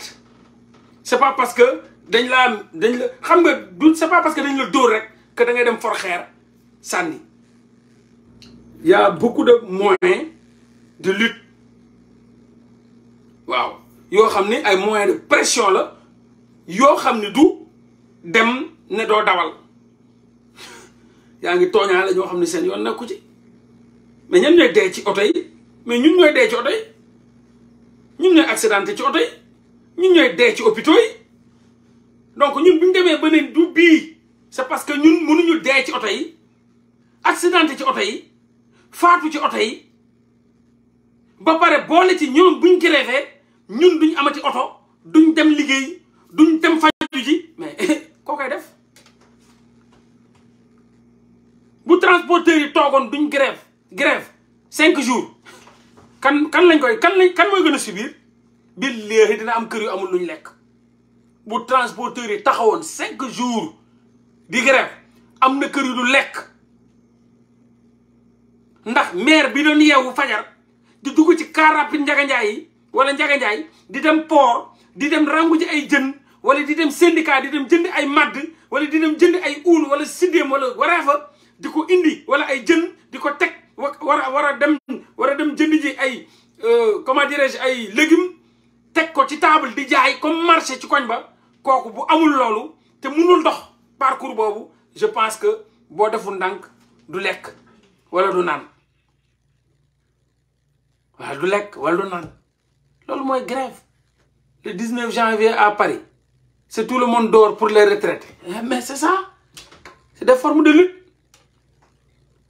c'est pas parce que dañ la dañ la xam nga du c'est pas parce que dañ la dóor rek que da ngay dem for xeer sànni y a beaucoup de de lutte waaw yoo xam ni ay moyens de pression la yoo xam ni du dem ne doo dawal <laughs> yaa ngi tooñaa la ñoo xam ni seen yoon nekku ci mais ñan ñooy dee ci oto yi mais ñun ñooy dee ci oto yi ñun ñooy accidenté ci oto yi ñun ñooy dee ci hôpitaux yi donc ñun bu ñu demee ba ne du bii c'est parce que ñun mënuñu dee ci oto yi accidenté ci oto yi faatu ci oto yi ba pare boole ci ñoom buñ grève ñun duñ amati oto duñ dem liggéey duñ dem faju ji mais <laughs> koo koy def bu transporteurs yi toogoon duñ grève grève cinq jours kan kan lañ koy kan lañ kan mooy gën a subir billahi dina am kër yu amul lu ñu lekk bu transporteurs yi taxawoon cinq jours di grève am na kër yu du lekk ndax maire bi doon yeewu fajar di dugg ci car rapide njaganjaay yi wala njaganjaay di dem port di dem rangu ci ay jën wala di dem syndicat di dem jënd ay madd wala di dem jënd ay uul wala siddéem wala wareefa di ko indi wala ay jën di ko teg wara a dem war dem ji ay euh, comment dirais-je ay légumes tek ko ci table di jaay comme marché ci koñ ba kooku bu amul lolu te mënul dox parcours bobu je pense que bo deful ndank du lek wala du nan wala du lek wala du nan lolu moy grève le 19 janvier à Paris c'est tout le monde dort pour les retraités eh, mais c'est ça c'est des formes de lutte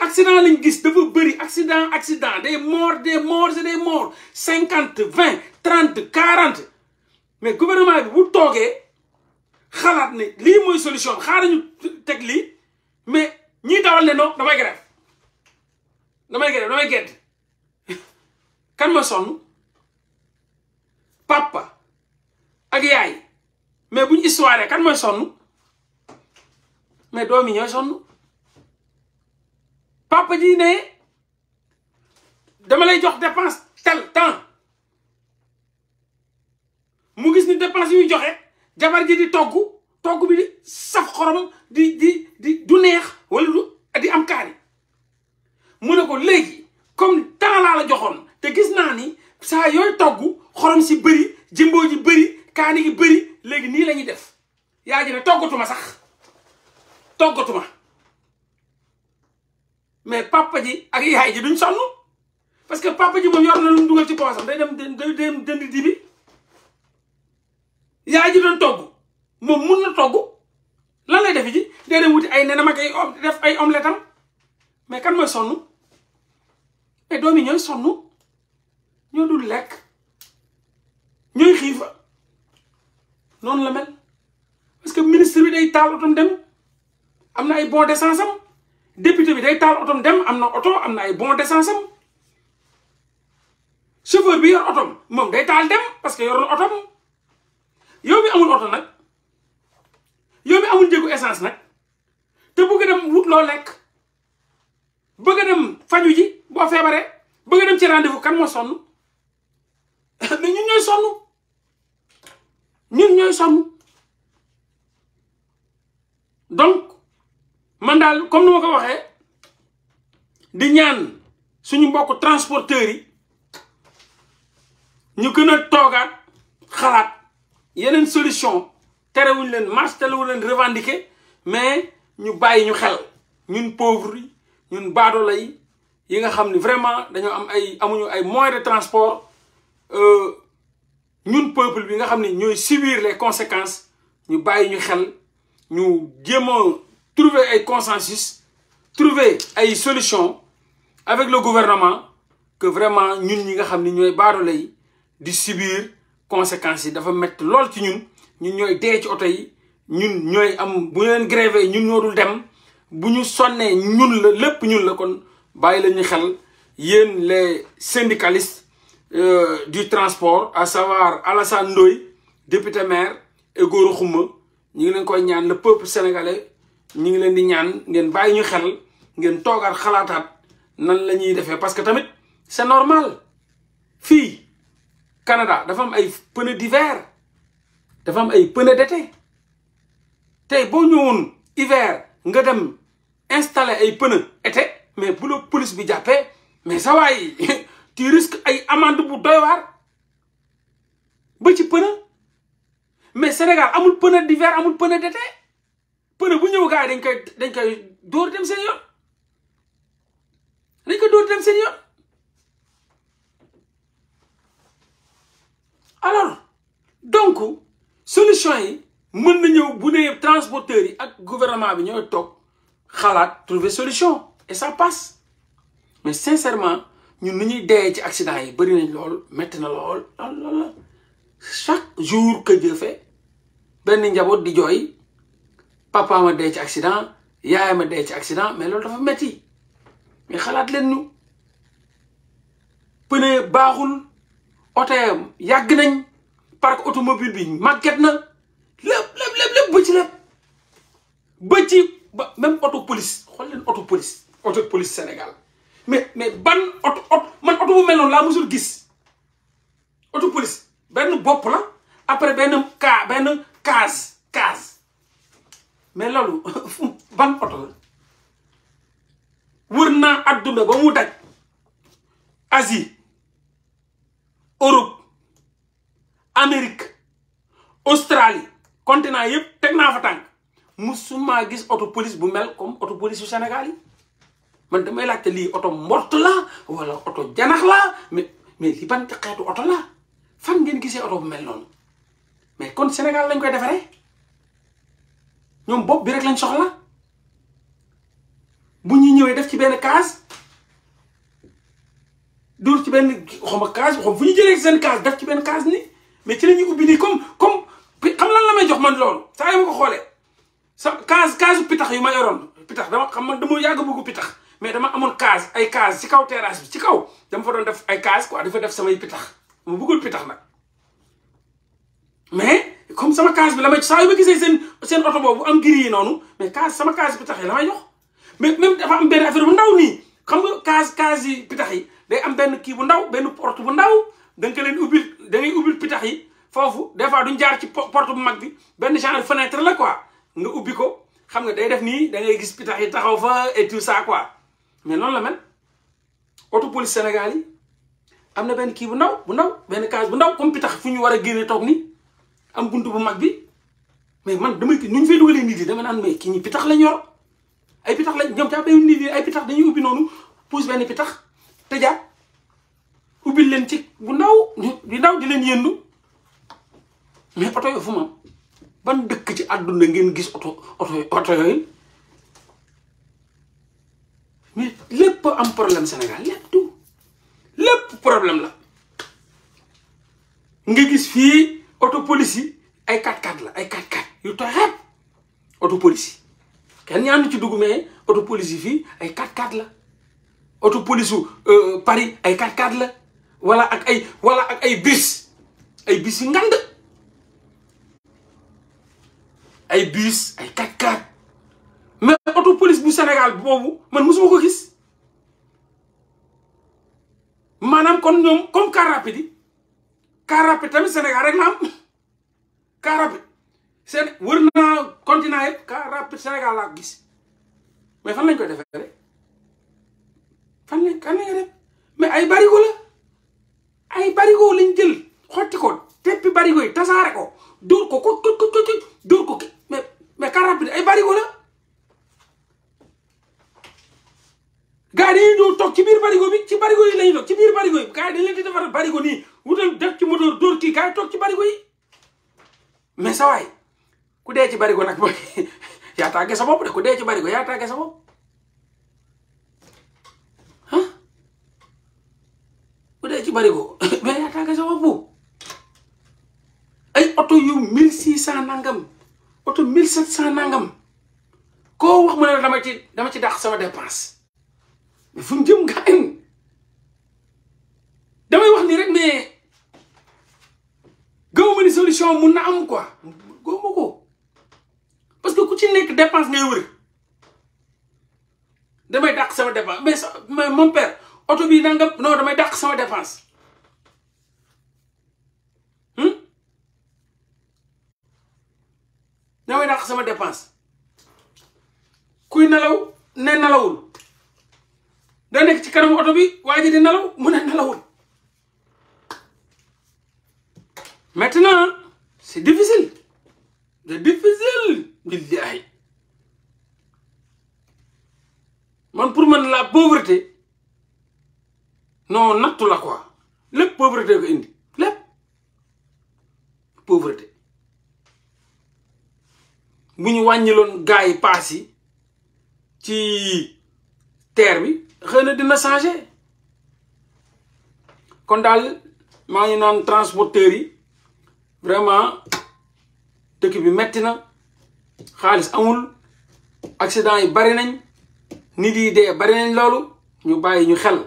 accident linguiste, ligne, de vous accident, accident, des morts, des morts et des morts. 50, 20, 30, 40. Mais le gouvernement, vous toquez, vous avez une solution, vous avez une technique, mais ni n'avez pas de nom, vous avez une grève. Vous avez une grève, Quand <laughs> me papa, avec yaye, mais vous avez une histoire, quand me sonne, mais vous avez une histoire. papa ji ne dama lay jox dépense tel temps mu gis ni dépense yu joxe jabar ji di togg togg bi di saf xorom di di di du neex wala du di am kaari mu ne ko legi comme temps la la joxone te gis na ni sa yoy togg xorom si bili, jimbo ji beuri kaani gi beuri legi ni lañuy def ya ji ne tuma sax tuma mais papa ji ak yaay ji duñ sonn parce que papa ji moom yor na lu mu dugal ci poosam day dem day dem dënd di bi yaay ji doon togg moom mun na togg lan lay def ji day dem wuti ay nenam ak ay def ay omelette mais kan mooy sonn mais doom yi ñooy sonn ñoo dul lekk ñooy xiifa noonu la parce que ministre bi day taal otom dem am na ay bon d'essence am député bi day taal otom dem am na oto am na ay bon d'essence am chauffeur bi yor otom moom day taal dem parce que yor na otom yow bi amul oto nag yow bi amul njëgu essence nag te bëgg dem wut loo lekk bëgg dem faju ji boo feebaree bëgg dem ci rendez-vous kan moo sonn <laughs> mais ñun ñooy sonn ñun ñooy donc man comme nous ko di ñaan transporteurs yi ñu solution terewuñ leen marche leen revendiquer mais ñu nous ñu xel ñun pauvres nous ñun baadoolo lay yi nga xamni vraiment de transport euh, ñun peuple subir les conséquences nous bayyi ñu xel trouver un consensus trouver une solution avec le gouvernement que vraiment nous, ñi nga xam nous les conséquences Nous devons mettre lool ci ñun Nous nous ci yi ñun les syndicalistes euh, du transport à savoir Alassane Ndoye député maire et Gora Khouma ngi le peuple sénégalais ñi ngi leen di ñaan ngeen bàyyi ñu xel ngeen toogaat xalaataat nan la ñuy defee parce que tamit c'est normal fii Canada dafa am ay pneu d'hiver dafa am ay pneu d'été tey boo ñëwoon hiver nga dem installer ay pneu été mais bu la police bi jàppee mais sa waay <laughs> tu risque ay amende bu doy waar ba ci pneu mais Sénégal amul pneu d'hiver amul pneu d'été bu dañ koy dañ koy alors donc solution yi mën na ñëw bu transporteurs yi ak gouvernement bi ñooy toog trouver solution et ça passe mais sincèrement nous ni ñuy ci accident yi chaque jour que Dieu fait benn njaboot di jooy papa ma dee ci accident yaay ma dee ci accident mais loolu dafa metti mais xalaat leen nu pneu baaxul oto yàgg nañ parc automobile bi màgget na lépp lépp lépp lépp ba ci lépp ba ci ba même auto police xool leen auto police auto police Sénégal mais mais ban auto auto laa musul gis oto police benn bopp la après benn kaa benn case case mais loolu <laughs> ban oto la wër na adduna ba mu daj asi Europe Amérique Australie continent yëpp teg naa fa tànk musuma gis oto police bu mel comme oto police yu Sénégal man damay laajte lii oto mbort la wala oto janax la mais mais li ban xeetu oto la fan ngeen gisee oto bu mel noonu mais kon Sénégal lañ koy defaree. ñoom bopp bi rek lañ soxla bu ñuy ñëwee def ci benn case dóor ci benn xaw ma case xaw fu ñu jëlee seen case def ci benn case ni mais ci la ñuy ubbi nii comme comme xam lan la may jox man lool saa yu ma ko xoolee sa case case pitax yu ma yoroon pitax dama xam man dama yàgg bëgg pitax mais dama amoon case ay kaas ci kaw terrasse bi ci kaw dama fa doon def ay case quoi dafa def samay pitax ma bëggul pitax na comme sama case bi la may saa yu ma gisee seen seen oto boobu am giri yi noonu mais case sama case pitax yi la may jox mais même dafa am benn affaire bu ndaw nii xam nga case case yi pitax yi day am benn kii bu ndaw benn porte bu ndaw da nga ko leen ubbil da ngay ubbil pitax yi foofu des fois duñ jaar ci porte bu mag bi benn genre fenêtre la quoi nga ubbi ko xam nga day def nii da ngay gis pitax yi taxaw fa et tout ça quoi mais noonu la mel oto police Sénégal yi am na benn kii bu ndaw bu ndaw benn case bu ndaw comme pitax fu ñu war a génne toog nii am buntu bu mag bi mais man damay ki ñuñ ñu fay dugalee nit yi dama nan mais ki ñi pitax la ñor ay pitax la ñom ta bay nit yi ay pitax dañuy ubbi nonu pousse ben pitax ja ubbil leen ci bu ndaw di ndaw di leen yëndu mais auto yo fuma ban dekk ci aduna ngeen gis auto auto auto yooyu mais lepp am problème Sénégal lepp tout lepp problème la nga gis fi auto police ay 4 x la ay 4 x yu tooy xepp auto police yi ñaanu ci dugg mais auto police yi ay 4 x la auto police su euh, Paris ay 4 x la wala ak ay wala ak ay bis ay bus yu ngand ay bus ay 4x4 mais bu Sénégal boobu man mosuma ko gis maanaam kon ñoom comme car rapide car tamit Sénégal rek la am car rapide seen wër naa continent yëpp car rapide Sénégal laa gis mais fan lañ koy defee rek fan lañ kan lañ def mais ay barigo la ay barigo lañ jël xotti ko teppi barigo yi tasaare ko dóor ko ko ko ko dóor ko ki mais mais car rapide ay barigo la gars yi dañuy ñëw toog ci biir barigo bi ci barigo yi lañuy toog ci biir barigo yi gars yi dañ leen di defar barigo nii. wutal def ci moteur dóor ki kaay tok ci barigo yi mais sa way ku dee ci bari go nak yaa tàggee sa bopp de ku dee ci bari go ya tàggee sa bop ah ku dee ci bari go mais yaa tàggee sa bu ay eh, auto yu 1600 nangam auto 1700 nangam ko wax mo ne dama ci dama ci dakh sama dépense mais fu mu gaay damay wax ni rek mais gëwuma ni solution mu na am quoi gëwuma ko parce que ku ci nek dépense ngay wër damay dàq sama dépense mais mon père auto bi nangam non damay dàq sama dépense hmm? damay dak sama dépense kuy nalaw né nalawul da nek ci kanam auto bi waji di nalaw mu né nalawul Maintenant, c'est difficile. C'est difficile. Man, pour moi, la pauvreté, non, n'a tout la quoi. La pauvreté indi. La pauvreté. bu ñu les gars qui passé, qui ci terre bi ne na changer Quand vous maa ngi transporteur. vraiment dëkk bi metti na xaalis amul accident yi bari nañ nit yi de bari nañ loolu ñu bàyyi ñu xel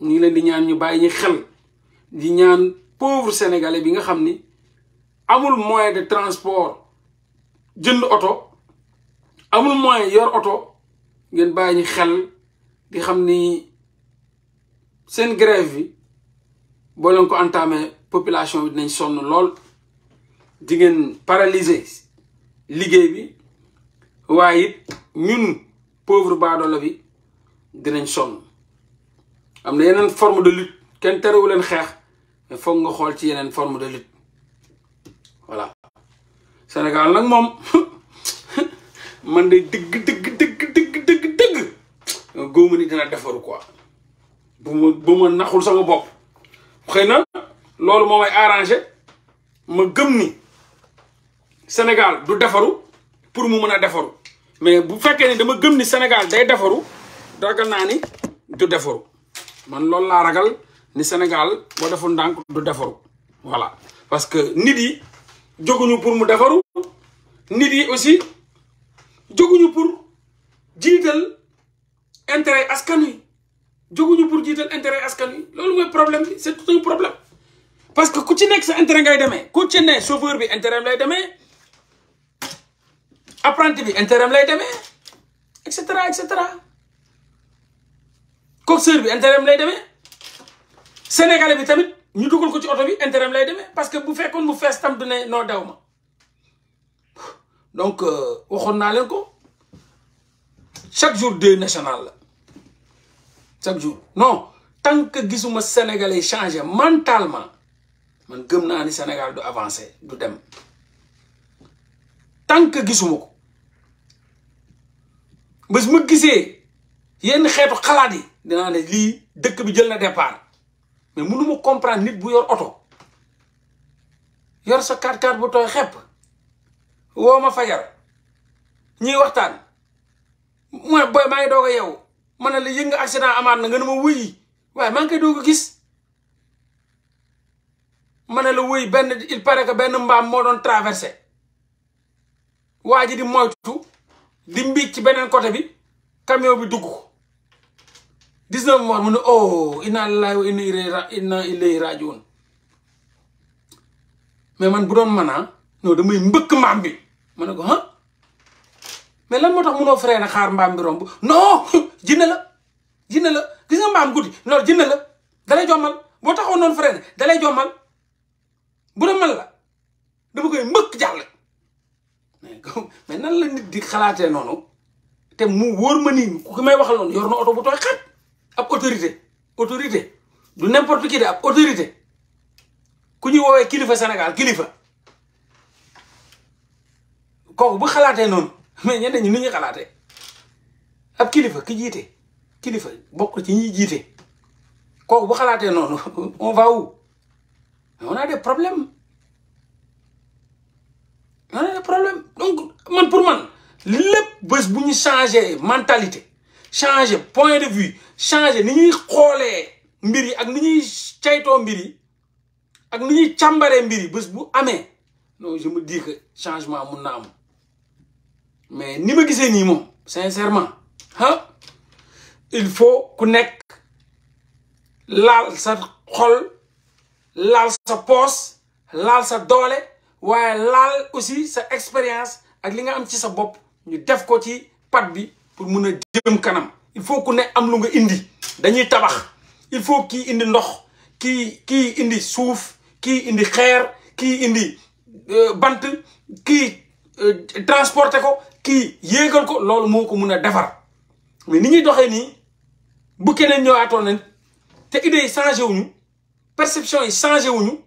ñu ngi leen di ñaan ñu bàyyi ñu xel di ñaan pauvre sénégalais bi nga xam ni amul moyen de transport jënd oto amul moyen yor oto ngeen bàyyi ñu xel di xam ni seen grève bi boo ko entame population bi nañ sonn lool jigéen ngeen liggéey bi waaye it ñun pauvre baadoolo bi dinañ sonn am na yeneen forme de lutte kenn terewu leen xeex mais foog nga xool ci yeneen forme de lutte voilà Sénégal nag moom <laughs> man de dëgg dëgg dëgg dëgg dëgg dëgg góomu ni dina defaru quoi bu ma bu ma naxul sama bopp xëy na loolu moo may arrangé ma gëm ni Sénégal du defaru pour mu mën a defaru mais bu fekkee ni dama gëm ni Sénégal day defaru ragal naa ni du defaru man loolu laa ragal ni Sénégal boo deful ndànk du defaru voilà parce que nit yi jóguñu pour mu defaru nit yi aussi jóguñu pour jiital intérêt askan jogu ñu pour jiital intérêt askan wi loolu mooy problème bi c'est tout un problème parce que ku ci nekk sa intérêt ngay demee ku ci ne chauffeur bi intérêt lay demee apprenti bi intérêt lay démé et cetera et cetera coxeur bi intérêt lay démé sénégalais bi tamit ñu dugal ko ci auto bi intérêt lay démé parce que bu fekkoon mu fess tam du né noo daw ma donc euh, waxon na len ko chaque jour de national la chaque jour non tant que gisuma sénégalais changer mentalement man gëm na ni Sénégal du avancer, du dem tant que gisuma ba su ma gisee yenn xeetu xalaat yi dinaa ne lii dëkk bi jël na départ mais mënu ma comprendre nit bu yor oto yor sa kaat kaat bu tooy xepp woo ma fajar ñuy waxtaan mu boy ma maa ngi doog a yeewu ma ne la yëng accident amaat na nga ne ma wëyi waaye maa ngi koy doog a gis ma ne la wëy benn il paraît que benn mbaam moo doon traversé waa ji di moytu di mbiic ci beneen côté bi camion bi dugg ko 19 mois mu oh, man bu doon mën a ah, damay mbëkk mbaam bi ma ne ko ah mais lan moo tax munoo feree na xaar mbaam bi romb non <laughs> jinne la jinne la gis nga mbaam guddi non jinne la dalay jommal boo taxaw noonu feree na dalay jommal bu doon mën la dama koy mbëkk jàll. mais nan la nit di xalaatee noonu te mu wóor ma nii ku may waxal noonu yor na oto bu tooy xat ab autorité autorité du n'importe qui de ab autorité ku ñuy woowee kilifa Sénégal kilifa kooku bu xalaatee noonu mais ñeneen ñi ni ñuy xalaate ab kilifa ki jiite kilifa bokk ci ñuy jiite kooku bu xalaatee noonu <laughs> on va où on a des problèmes ah problème donc man pour man lépp bés bu ñu mentalité changer point de vue changer ni ñuy xoolee mbir yi ak ni ñuy caytoo mbir yi ak ni ñuy càmbaree mbir yi bés bu non je me dis que changement mun am mais ni ma gisee ni moom sincèrement hein il faut ku nekk laal sa xol l'al sa poos l'al sa doole waaye laal aussi sa expérience ak li nga am ci sa bop ñu def ko ci pat bi pour mëna jëm kanam il faut ku ne am lu nga indi dañuy tabax il faut ki indi ndox ki ki indi souf ki indi xeer ki indi euh, bant ki euh, transporter ko ki yéegal ko loolu moo ko mun a defar mais ni ñuy doxee nii bu keneen ñëwaatoon nañ te idées yi changé wuñu perception yi changé wuñu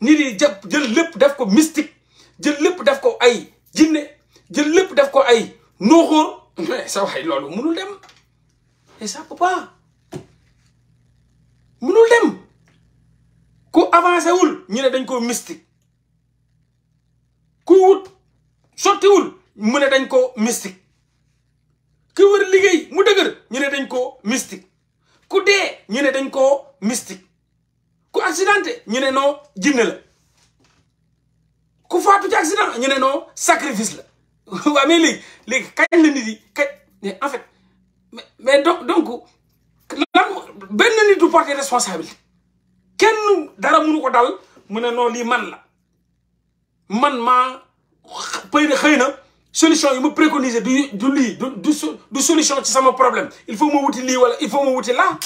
nit yi jàpp jël lépp def ko mystique jël lépp def ko ay jinne jël lépp def ko ay nooxóor sa waay loolu munul dem et ça peut pas munul ku avancé wul ñu ne dañ ko mystique ku wut sottiwul mu ne dañ ko mystique ki wër liggéey mu dëgër ñu ne dañ ko mystique ku dee ñu ne dañ ko mystique ku accidenté ñu ne non jinne la ku faatu ci accident ñu ne non sacrifice la <laughs> wa mais léegi léegi kañ la nit yi en fait mais donc donc lan benn nit du porter responsabilité kenn dara mënu ko dal mu ne non li man la man ma, pëy xeyna solution yu ma préconiser du du lii du du solution ci sama problème il faut mo wuti li wala il faut mo wuti là.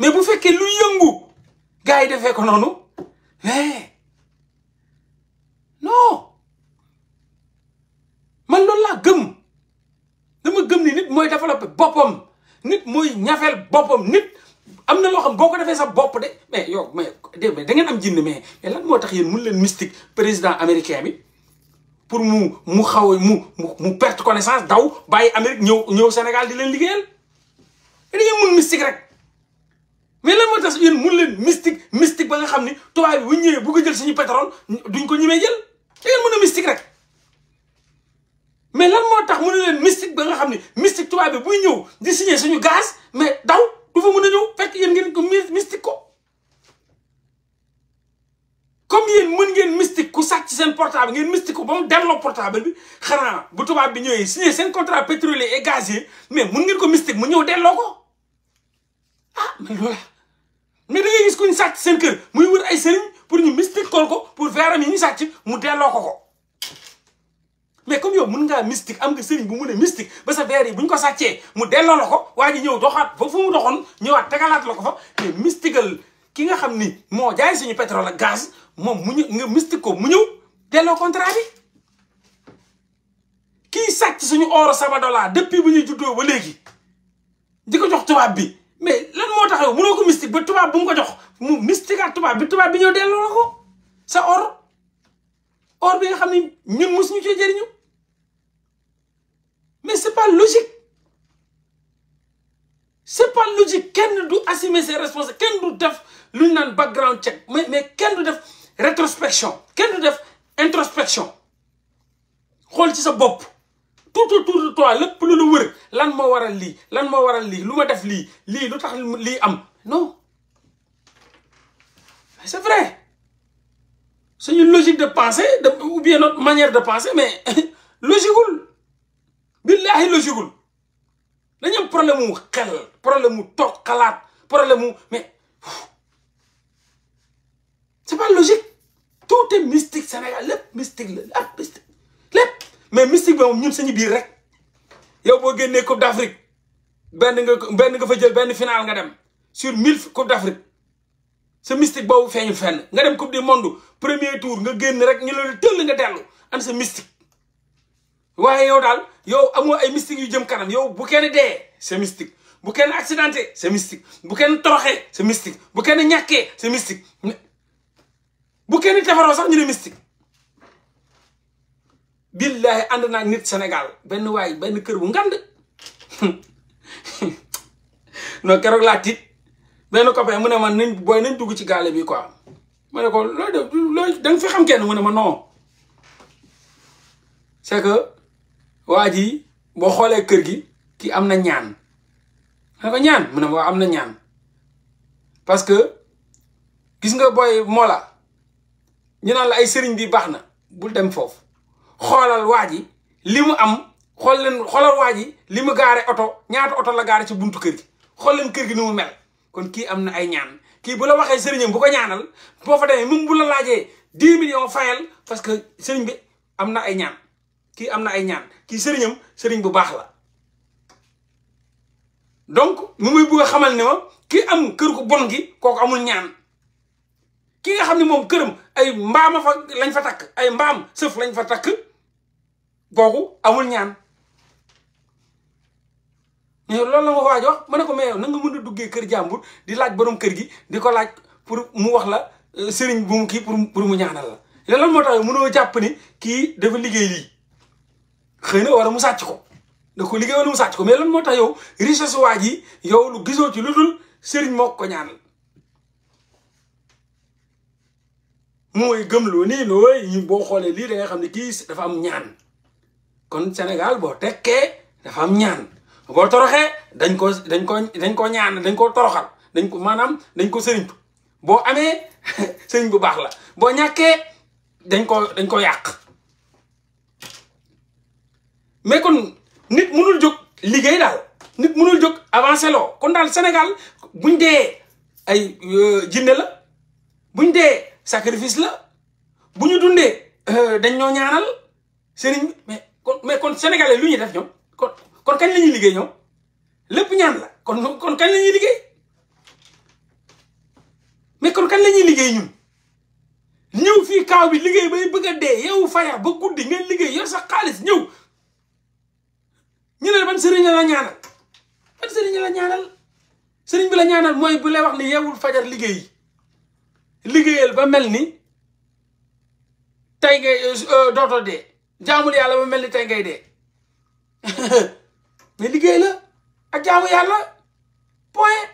mais bu fekkee lu yëngu gars yi defee ko noonu mais non man loolu laa gëm dama gëm ni nit mooy développé boppam nit mooy ñafeel boppam nit am na loo xam boo ko defee sa bopp de mais yow mais déedéet da ngeen am jinn mais mais moo tax yéen mun leen mystique président américain bi pour mu mu xaw mu mu perte connaissance daw bàyyi Amérique ñëw ñëw Sénégal di leen liggéeyal da ngeen mun rek. mais lan moo tax yéen leen mystique mystique ba nga xamni ni bi bu ñëwee bu ko jël suñu pétrole duñ ko ñemee jël da ngeen mën a mystique rek mais lan moo tax mu leen mystique ba nga xamni mystique tubaab bi bu ñëw di signer suñu gaz mais daw du fa mëna ñëw fekk yeen ngeen ko mystique ko comme yeen mën ngeen mystique ku sacc seen portable ngeen mystique ko ba mu delloo portable bi xana bu tubaab bi ñëwee signer seen contrat pétrolier et gazier mais mun ngeen ko mystique mu ñëw delloo ko ah mais loolu mais da ngay gis ku ñu seen kër muy wër ay sëriñ pour ñu mystique kool ko pour veeram yi ñu sàcc mu delloo ko ko mais comme yow mën ngaa mystique am nga sëriñ bu mën a mystique ba sa veer yi bu ñu ko sàccee mu delloo la ko waa ji ñëw doxaat foofu mu doxoon ñëwaat tegalaat la ko fa mais mystiqueal ki nga xam ni moo jaay suñu pétrole ak gaz moom mu nga mystique ko mu ñëw delloo contrat bi kii sàcc suñu oro sama dollar bu ñuy juddoo ba léegi di ko jox tubaab bi mais lan moo tax yow mënoo ko mystique ba tubaab bu mu ko jox mu mystique ak tubaab bi tubaab bi ñëw delloo la ko sa or or bi nga xam ni ñun mosuñu cee jëriñu mais c'est pas logique c'est pas logique kenn du assumer ses responsabilités kenn du def lu ñu background check mais mais kenn du def rétrospection kenn du def introspection xool ci sa bopp tout tout toi lepp lu lu wër lan mo waral li, lan mo waral li, luma def li, li lutax li am non c'est vrai c'est une logique de pensée ou bien notre manière de penser mais <laughs> logiqueul Billahi logiqueul dañu am problème mu xel problème mu tok problèmes problème mu mais c'est pas logique tout est mystique Sénégal lepp mystique la mystique mais mystique bon moom ñun suñu biir rek yow boo génnee Coupe d'Afrique Ben nga benn nga fa jël final nga dem sur 1000 Coupe d'Afrique C'est mystique boobu feeñul fenn nga dem Coupe du Monde premier tour nga génn rek ñu le tëll nga dellu an C'est mystique. waaye yow dal yow amoo ay mystique yu jëm kanam yow bu kenn dé, c'est mystique bu kenn accidenté c'est mystique bu kenn c'est mystique bu kenn c'est mystique bu kenn tafaroo sax ñu c'est mystique. billahi ànd naa nit senegal benn waay benn kër bu ngand <laughs> non keroog laa tiit benn copain mu ne ma nañ booy nañ dugg ci gaale bi quoi ma ne ko looy xam kenn mu ne ma non c'est que waa ji boo xoolee kër gi kii am na ñaan ma ne ko ñaan mu ne ma am na ñaan parce que gis nga booy Mola ñu naan la ay sëriñ bi baax na bul dem foofu. xoolal waa ji li mu am xool leen xoolal waa ji li mu gaare oto ñaata oto la gaare ci buntu kër gi xool leen kër gi ni mu mel kon kii am na ay ñaan kii bu la waxee sëriñam bu ko ñaanal boo fa demee même bu la laajee dix millions fayal parce que sëriñ bi am na ay ñaan kii am na ay ñaan kii sëriñam sëriñ bu baax la donc mu muy bëgg a xamal ne ma kii am kër gu bon gi kooku amul ñaan ki nga xam ne moom këram ay mbaam fa lañ fa takk ay mbaam sëf lañ fa takk googu amul ñaan yow loolu la ma waaj wax ma ne ko mais yow na nga mën a duggee kër jàmbur di laaj borom kër gi di ko laaj pour mu wax la euh, sëriñ bu mu pour pour mu ñaanal la loolu moo tax mënoo jàpp ni kii dafa liggéey lii xëy na war a mu sàcc ko da ko liggéey wala mu sàcc ko mais loolu moo tax yow richesse ji yow lu gisoo ci lu dul sëriñ moo ko ñaan ñaanal mooy gëm loo nii nooy ñii boo xoolee lii da nga xam ne kii dafa am ñaan kon Sénégal boo tekkee dafa am ñaan boo toroxee dañ ko dañ ko dañ ko ñaan dañ ko toroxal dañ ko maanaam dañ ko sëriñ boo amee <laughs> sëriñ bu baax la boo ñàkkee dañ ko dañ ko yàq mais kon nit mënul jóg liggéey daal nit mënul jóg avancé loo kon daal Sénégal buñ dee ay euh, jinne la buñ dee sacrifice la bu ñu dundee euh, dañ ñoo ñaanal sëriñ kon mais kon sénégalais lu ñuy def ñoom kon kon kañ la liggéey ñoom lépp ñaan la kon kon kañ la liggéey kañ la liggéey ñun ñëw fii kaaw bi liggéey bay bëgg a dee yow faya ba guddi ngeen liggéey yor sax xaalis ñëw ñu ne la ban sëriñ la ñaanal ban sëriñ la ñaanal sëriñ bi la ñaanal mooy bu lay wax ni yeewul fajar liggéey liggéeyal ba mel ni tey nga euh, euh, dootoo dee jaamul yàlla ba mel ni tey ngay dee <laughs> liggéey la ak jaamu yàlla point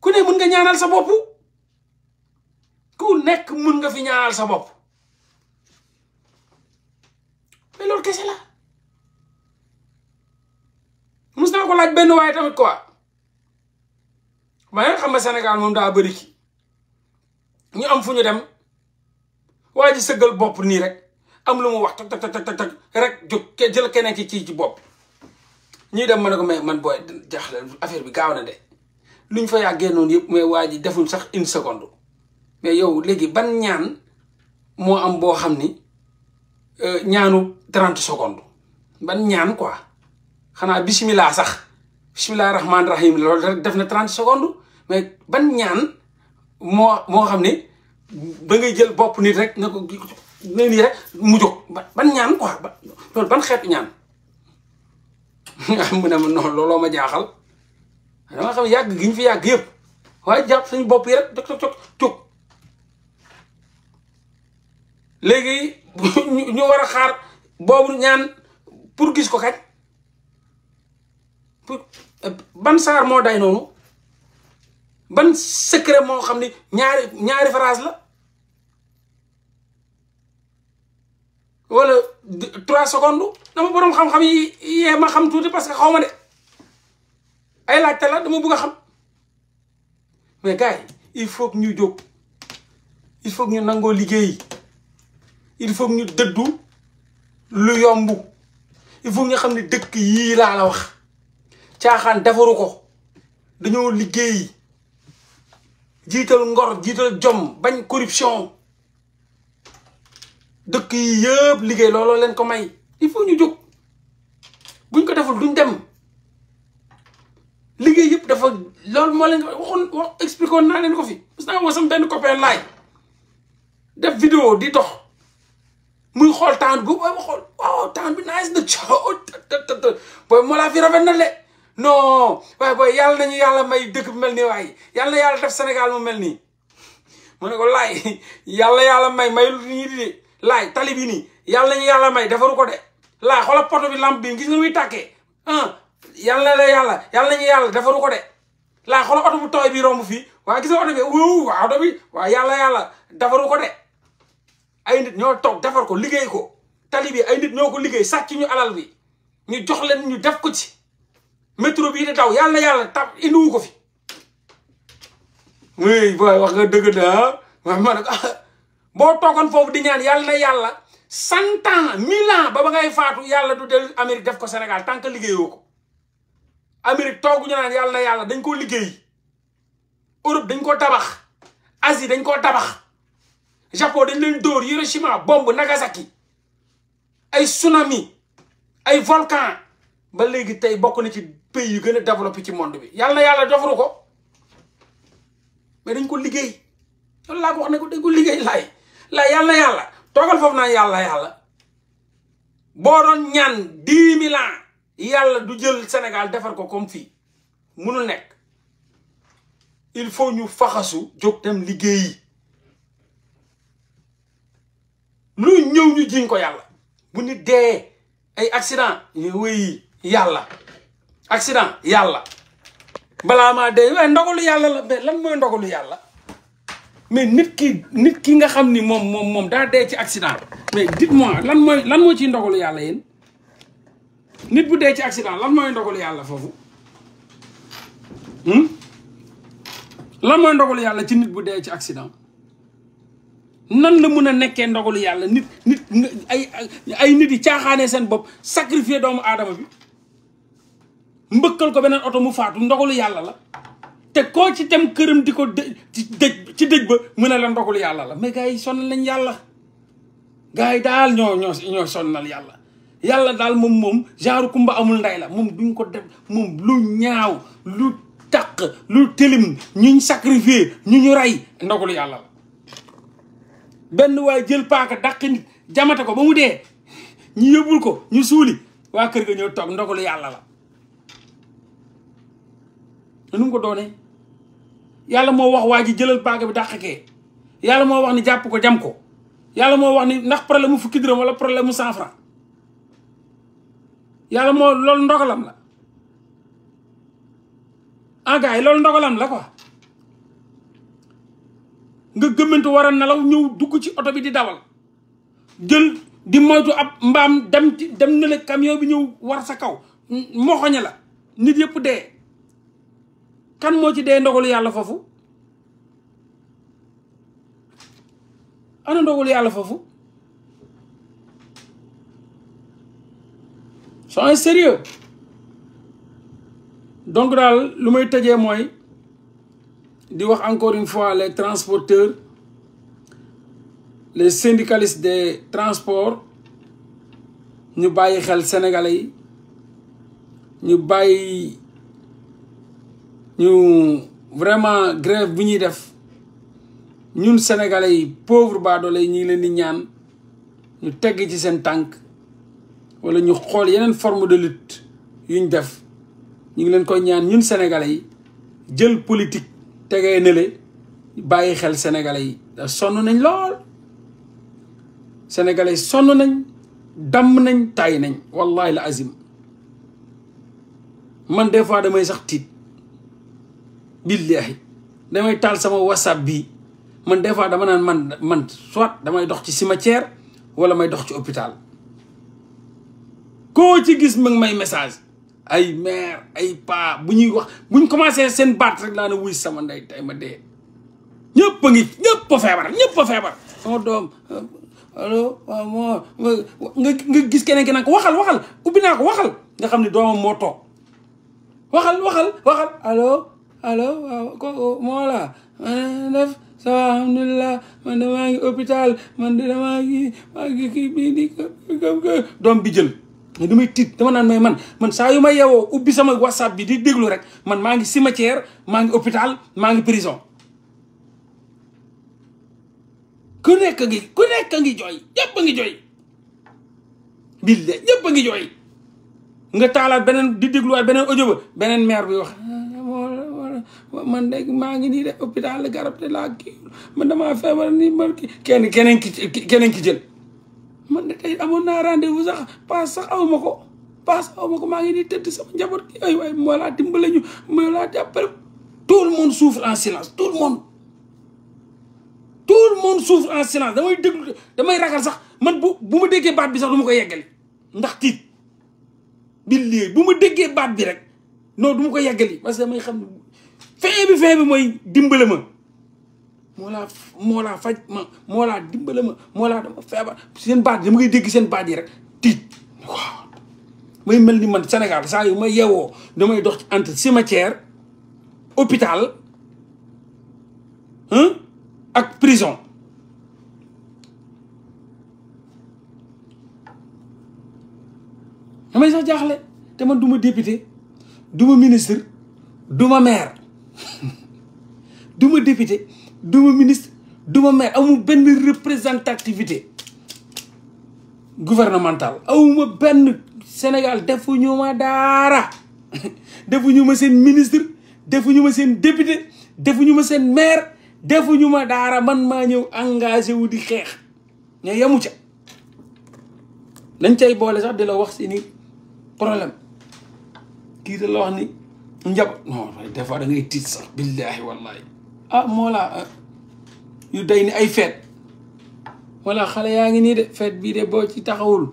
ku sa bopp ku nekk mun nga fi ñaanal sa bopp mais loolu kese la mus naa ko laaj benn waaye tamit quoi waaye xam nga Sénégal moom daa bëri ki ñu am fu ñu dem waa ji sëggal bopp nii rek am lu mu wax tak tak tak rek jóg jël keneen ci ci ci bopp ñuy dem ma ne ko mais man booy jaxle affaire bi gaaw na de luñ fa yàggee noonu yëpp mais waa ji defuñ sax une seconde mais yow léegi ban ñaan moo am boo xam ni euh, ñaanu trente secondes ban ñaan quoi xanaa bisimilah sax bisimilah rahmaani rahim loolu rek def na trente secondes mais ban ñaan moo moo xam ni. da ngay jël bopp nit rek na ko nee nii rek mu jóg ban ñaan ko ba ban xeetu ñaan nga <laughs> xam ne ma noonu looloo ma jaaxal dama xam yàgg gi ñu fi yàgg yëpp waaye jàpp suñu bopp yi rek jóg jóg jóg léegi <laughs> ñu war a xaar boobu ñaan pour gis ko kañ pour ban saar moo day noonu ban secret moo xam ne ñaari ñaari phrase la wala trois secondes dama borom xam-xam yi yee ma xam tuuti parce que xaw ma de ay laajte la dama bëgg xam mais gars il faut ñu jóg il faut ñu nangoo liggéey il faut que ñu dëddu lu yomb il faut ñu xam ne dëkk yii laa la wax caaxaan defaru ko dañoo liggéey. jiital ngor jiital jom bañ corruption dëkk yi yëpp liggéey looloo leen ko may il faut ñu jóg buñ ko deful duñ dem liggéey yëpp dafa loolu moo leen waxoon wax expliqué woon naa leen ko fi parce que woo sama benn copain laay def vidéo di dox muy xool temps bu booy xool waaw temps bi nice na coow booy moo laa fi rafet na le non waaye booy ñu nañu yàlla may dëkk bu mel ni waaye yàlla na yàlla def Sénégal mu mel nii ne ko yàlla may may lu ñuy di laay tali bi nii yàlla nañu yàlla may defaru ko de laa xoolal poto bi lampe bi gis nga muy tàkkee ah yàlla yàlla yàlla nañu yàlla defaru ko de laay oto bu tooy bi romb fii waaye gis nga oto bi wuu waaw oto bi waaw yàlla yàlla defaru ko de ay nit ñoo toog defar ko liggéey ko talibi bi nit ñoo ko liggéey sàcc ñu alal bi ñu jox leen ñu def ko ci. métro bii di daw yàlla yàlla tam indiwu ko fi oui wax nga dëgg daa ah. wax ma ne ah. boo toogoon foofu di ñaan yàlla na yàlla cent ans mille ans ba ba ngay faatu yàlla du dellu Amérique def ko Sénégal tant que liggéeyoo ko Amérique tooguñu naan yàlla na yàlla dañ koo liggéey Europe dañ koo tabax Asie dañ koo tabax Japon dañ leen dóor Hiroshima bombe Nagasaki ay tsunami ay volcan ba léegi tey bokk na ci pays yu gën a développé ci monde bi yàlla na yàlla defaru ko mais dañ ko liggéey loolu laa ko wax ne ko liggéey lay la yàlla na yàlla toogal foofu naa yàlla yàlla boo doon ñaan dix yàlla du jël senegal defar ko comme fii munul nekk il faut ñu faxasu jóg dem liggéeyi lu ñëw ñu jiñ ko yàlla bu nit dee ay accident ñu wéy yàlla accident yàlla balaa maa dee waaye ndogalu yàlla la mais lan mooy ndogalu yàlla mais nit ki nit ki nga xam ni moom moom moom daa dee ci accident mais dites-moi mooy lan ciy ndogalu yàlla yéen nit bu dee ci accident lan mooy ndogalu yàlla foofu hmm? lan mooy ndogalu yàlla ci nit bu dee ci accident nan la mun a nekkee ndogalu yàlla nit nit ay ay nit yi caaxaanee seen bopp sacrifier doomu aadama bi mbëkkal ko beneen oto mu faatu ndogalu yàlla la te koo ci tem këram di ko dëj ci dëj ba mu ne la ndogalu yàlla la mais gars yi sonal nañ yàlla gars yi daal ñoo ñoo ñoo sonnal yàlla yàlla daal moom moom genre kumba amul nday la moom duñ ko def moom lu ñaaw lu taq lu tëlim ñu sacrifié ñu ñu rey ndogalu yàlla la benn waaye jël paaka dàq nit jamate ko ba mu dee ñu yóbbul ko ñu suuli waa kër ga ñëw toog ndogalu yàlla la nu ko doone yàlla mo wax waji ji jëlal paaka bi ya yàlla mo wax ni jàpp ko jam ko yàlla mo wax ni ndax problème mu fukki wala problème mu ya franc mo moo ndogalam la ah gars ndogalam la quoi nga gëmmantu waran na ñew dugg ci auto bi di dawal jël di moytu ab mbam dem dem na le camion bi ñew war sa kaw moxoñe la nit yëpp dee kan mo ci faire ndogul yalla fofu ana yalla fofu C'est un sérieux donc là, lu may tëjee dit, di wax encore une fois les transporteurs les syndicalistes des transports ñu bayyi xel sénégalais yi ñu Sénégal, ñu vraiment grève bu ñuy def ñun sénégalais yi pauvre baadoole yi ñu ngi leen di ñaan ñu teg ci seen tànk wala ñu xool yeneen forme de lutte yuñ def ñu ngi leen koy ñaan ñun sénégalais yi jël politique tegee nele bàyyi xel sénégalais yi sonn nañ lool sénégale yi sonn nañ dàmm nañ tay nañ wallahi la azim man des fois damay sax tiit billahi damay tal sama whatsapp bi man defa dama nan man man soit damay dox ci cimetière wala may dox ci hôpital ko ci gis mag may message ay mère ay pa buñuy wax buñ commencé sen bat rek la na wuy sama nday tay ma dé ñepp ngi ñepp febar ñepp febar sama dom allo waaw moo nga gis keneen ki nag waxal waxal ubina ko waxal nga xamni ne mo tok waxal waxal waxal allo alo ko mola la man def ça opital, mandi man de maa ngi hôpital man de bijel. ngi ya, maa ngi kii bii di doom bi jël mais damay dama nan may man man sa yu ma yeewoo ya, ubbi sama whatsapp bi di déglu rek man ma ngi cimetière maa ngi hôpital maa ngi prison ku nekk ngi ku nekk ngi jooy ñëpp ngi jooy billaay ñëpp ngi joy nga benen di dégluwaat benen audio ba beneen bi wax man de maa ngi nii de hôpital garab te laa kii man damaa feebar nii man kii kenn keneen ki keneen ki jël man de tey amoon naa rendez-vous sax paas sax aw ma ko paas aw ma ko maa ngi nii tëdd sama njaboot ki ay waay moo laa dimbale ñu moo laa jàppale tout le monde souffre en silence tout le monde tout le monde souffre en silence damay déglu damay ragal sax man bu bu ma déggee baat bi sax du ma ko yeggali ndax tiit bi lii bu ma déggee baat bi rek non du ma ko yeggali parce que damay xam fin bi mooy dimbale ma moo laa moo laa faj ma moo laa dimbale ma moo laa dama feebar seen baat yi dama koy dégg seen baat yi rek tiit waaw may mel ni man Sénégal saa yu ma yeewoo damay dox entre cimetière hôpital ak prison damay sax jaaxle te man du ma député du ma ministre du ma maire <laughs> Duma député duma ministre duma maire amu ben représentativité gouvernementale awuma ben Sénégal defuñu ma daara <laughs> defuñu ma seen ministre defuñu ma seen député defuñu ma seen maire defuñu ma daara man ma ñëw engagé wu di xeex ña yamu ci. dañ tay bolé sax di la wax ni problème kii da la wax ni njab no des fois da ngay tit sax billahi wallahi ah mola, laa uh, yu day ni ay feet wala ngi de feet bi de bo ci taxawul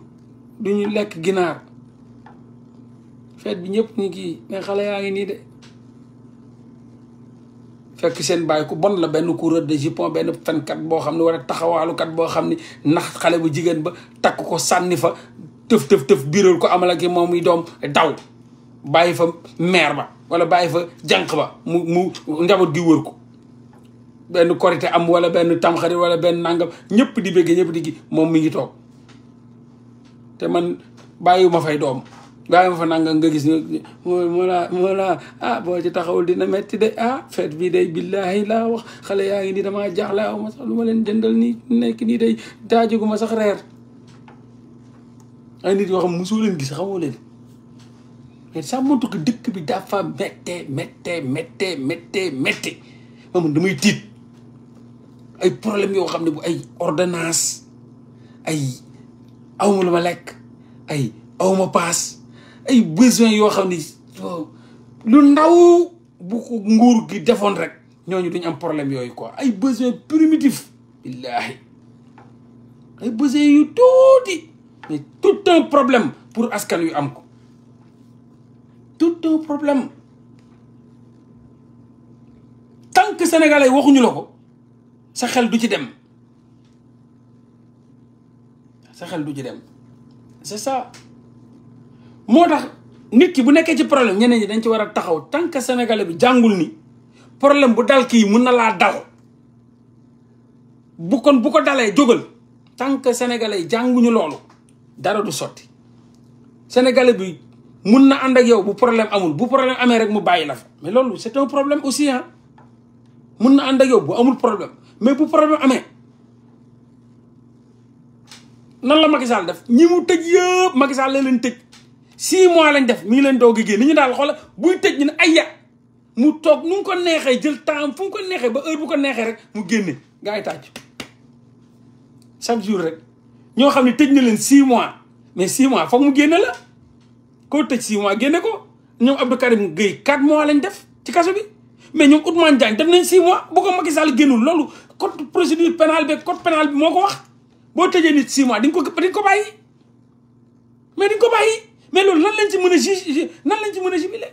duñu lek ginar feet bi ñëpp ñu kii ne xale ngi de fekk seen bay ku bon la benn coureur de jipon ben tan kat bo xamni wala taxawalu kat bo xamni nax xale bu jigen ba tak ko sanni fa teuf teuf teuf birul ko amal ak dom muy daw bayi fa mer ba wala bàyyi fa jànq ba mu mu njaboot gi wër ko benn korite am wala benn tamxare wala benn nangam ñëpp di bëgg ñépp di gi moom mi ngi toog te man bàyyi bàyyiwuma fay doom bàyyiwuma fa nangam nga gis ne moo laa moo laa ah boo ci taxawul dina metti de ah feet bii day billaahi laa wax xale yaa ngi nii damaa jaaxle aw ma sax lu ma leen jëndal nii nekk nii day daajaguma sax reer ay nit yoo xam mosoo leen gis xawoo leen mais ça montre que dëkk bi dafa méttee méttee méttee méttee méttee moom damay tiit ay problème yoo xam ne bu ay ordonnance ay awma lu ma lekk ay awma paas ay besoin yoo xam ne lu ndaw bu ko nguur gi defoon rek ñooñu duñ am problème yooyu quoi ay besoin primitif billaahi ay besoin yu mais tout un problème pour askan yu am tout un problème tant que sénégalais waxuñu lako sa xel du ci dem sa xel du ci dem c'est ça motax nit ki bu nekké ci problème ñeneen ñi dañ ci wara taxaw tant que sénégalais bi jangul ni problème bu dal ki na dal bu kon bu ko dalé jogal tant que sénégalais lolu dara du soti. sénégalais bi mun na ànd ak yow bu problème amul bu problème amee rek mu bàyyi la fa mais loolu c'est un problème aussi ah mun na ànd ak yow bu amul problème mais bu problème amee nan la Macky def ñi mu tëj yëpp Macky Sall la leen tëj six mois lañ def mi ngi leen doog gi génn ñu daal xoola buy tëj ñu ne ayya mu toog nu mu ko neexee jël temps fu mu ko neexee ba heure bu ko neexee rek mu génne gars yi tàcc chaque jour rek ñoo xam ne tëj na leen six mois mais six mois foog mu génne la. koo tëj six mois génne ko ñoom Abdou Karim Gueye quatre mois lañ def ci kaso bi mais ñoom Ousmane Diagne def nañ six mois bu ko Macky Sall génnul loolu code procédure pénale bi code pénal moo ko wax boo tëjee nit six mois di ko di nga ko bàyyi mais ko bàyyi mais loolu nan lañ ci mën a juge nan lañ ci mën a jubile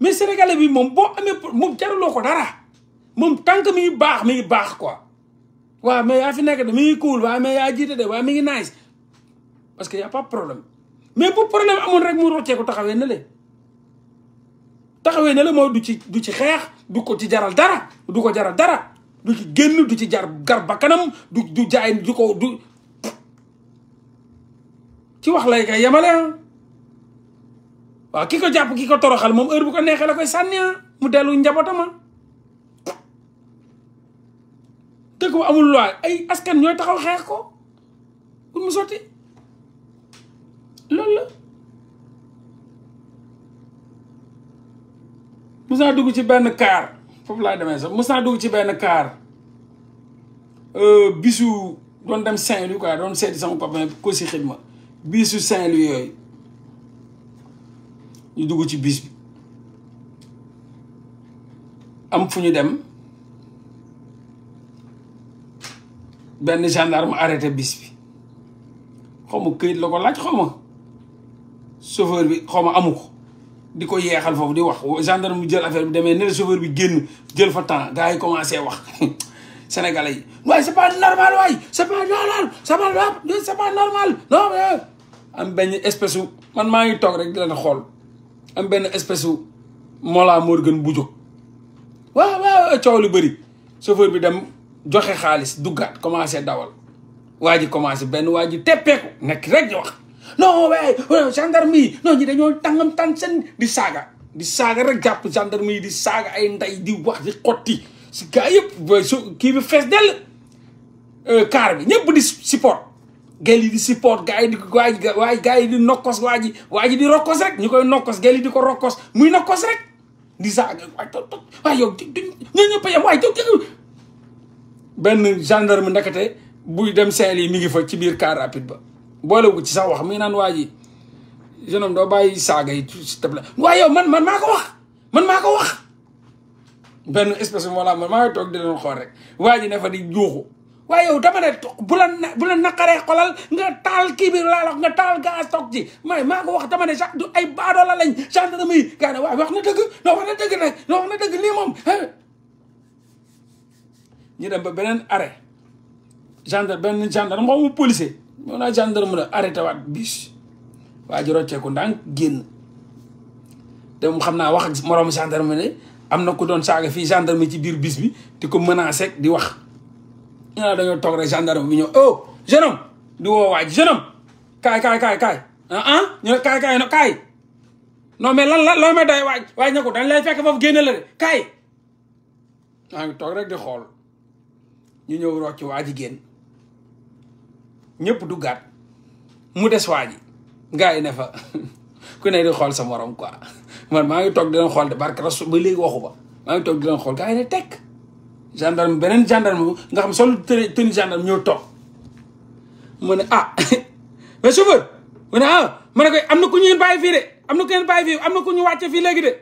mais sénégalais bi moom boo amee moom jaruloo ko dara moom tànk mi ngi baax mi baax quoi waaw mais yaa fi nekk de mi ngi cool waaw yaa jiite de waaw mi ngi nice parce que y' a pas problème mais bu problème amone rek mu ko taxawé na le taxawé na le mo du ci du ci xeex du ko ci jaral dara du ko jaral dara du ci génn du ci jar gar bakanam du du jaay du ko du ci wax lay kay yamalé ah. wa kiko japp ko ki ko toroxal mom heure bu ko nexé la koy sanni ah. mu delu njabotama ah. te ko amul loi ay askan ñoy taxaw xeex ko pour mu loolu la musaa dugg ci benn kaar foofu laa demee sax musaa dugg ci benn kaar euh, bisu doon dem Saint-Louis quoi doon seeti sama copain ko si xidma bisu Saint-Louis yooyu ñu dugg ci bis bi am fu ñu dem benn gendarme arrêté bis bi xaw ma këyit la ko laaj xaw ma chauffeur bi xaw ma amu ko di ko yeexal foofu di wax gendarme bi jël affaire bi demee ne la chauffeur bi génn jël fa temps gars yi commencé wax <laughs> sénégalais yi waaye c'est pas normal waaye c'est pas normal c'est pas normal c'est pas normal non am benn espèce u man maa ngi toog rek di leen xool am benn espèce u Mollah Morgun bu jóg waaw waaw coow lu bëri chauffeur bi dem joxe xaalis duggaat commencé dawal waa ji commencé benn waa ji teppeeku nekk rek di wax non waaye gendarme yi non ñi dañoo tàngam tàn seen di saaga di saaga rek jàpp gendarme di saaga ay ndey di wax di xotti si kii bi fees dell euh, bi ñëpp di support gel yi di support gars di waa ji yi di nokkos waa ji waa ji di rokkos rek ñu koy nokkos gel di ko rokkos muy nokkos rek di saaga waay to to waay yow ñoo ñëpp buy dem Saint-Louis mi ngi fa ci biir car rapide ba boole ko ci sax wax ah, mi nan waji ji jeune homme doo bàyyi yi ci tabla waaye man man mako wax ah. man mako wax ah. ben espèce la man ma tok toog di leen xool rek waji ne fa di juuxu waaye yow dama ne bu la bu la xolal nga tal kibir la laa nga tal gaz tok ji may mako wax dama ne sax du ay la lañ gendarmerie gaa ne wax na deug no wax na deug nag no wax na deug lii mom ñu dem ba benen arrêt gendarme ben gendarme mo policier ñoo naa gendarme la arrêté waat bis waa ji rocceeku ndànk génn te mu xam naa wax ak moroom gendarme ne am na ku doon saaga fii gendarme ci biir bis bi di ko menacé di wax ñu naa toog rek gendarme bi oh, di woo waa ji jeune homme kaay kaay ah, ah, ñu ne mais lan lan loo may doy waaj waaj ko dañ lay fekk foofu génne la de kaay maa ngi toog rek di xool ñu ñëw rocc waa ji génn ñëpp duggaat mu des waa ji gars ne fa <laughs> ku ne di xool sa morom quoi man maa ngi toog di leen xool de barke rasul ba léegi waxu ba maa ngi toog di leen xool gars yi ne tekk gendarme beneen gendarme nga xam sol tenue gendarme ñëw toog mu ne ah <laughs> mais ah, ma ne koy am na ku ñu bàyyi fii de am na ku ñu bàyyi fii am na ku ñu wàcce fii léegi de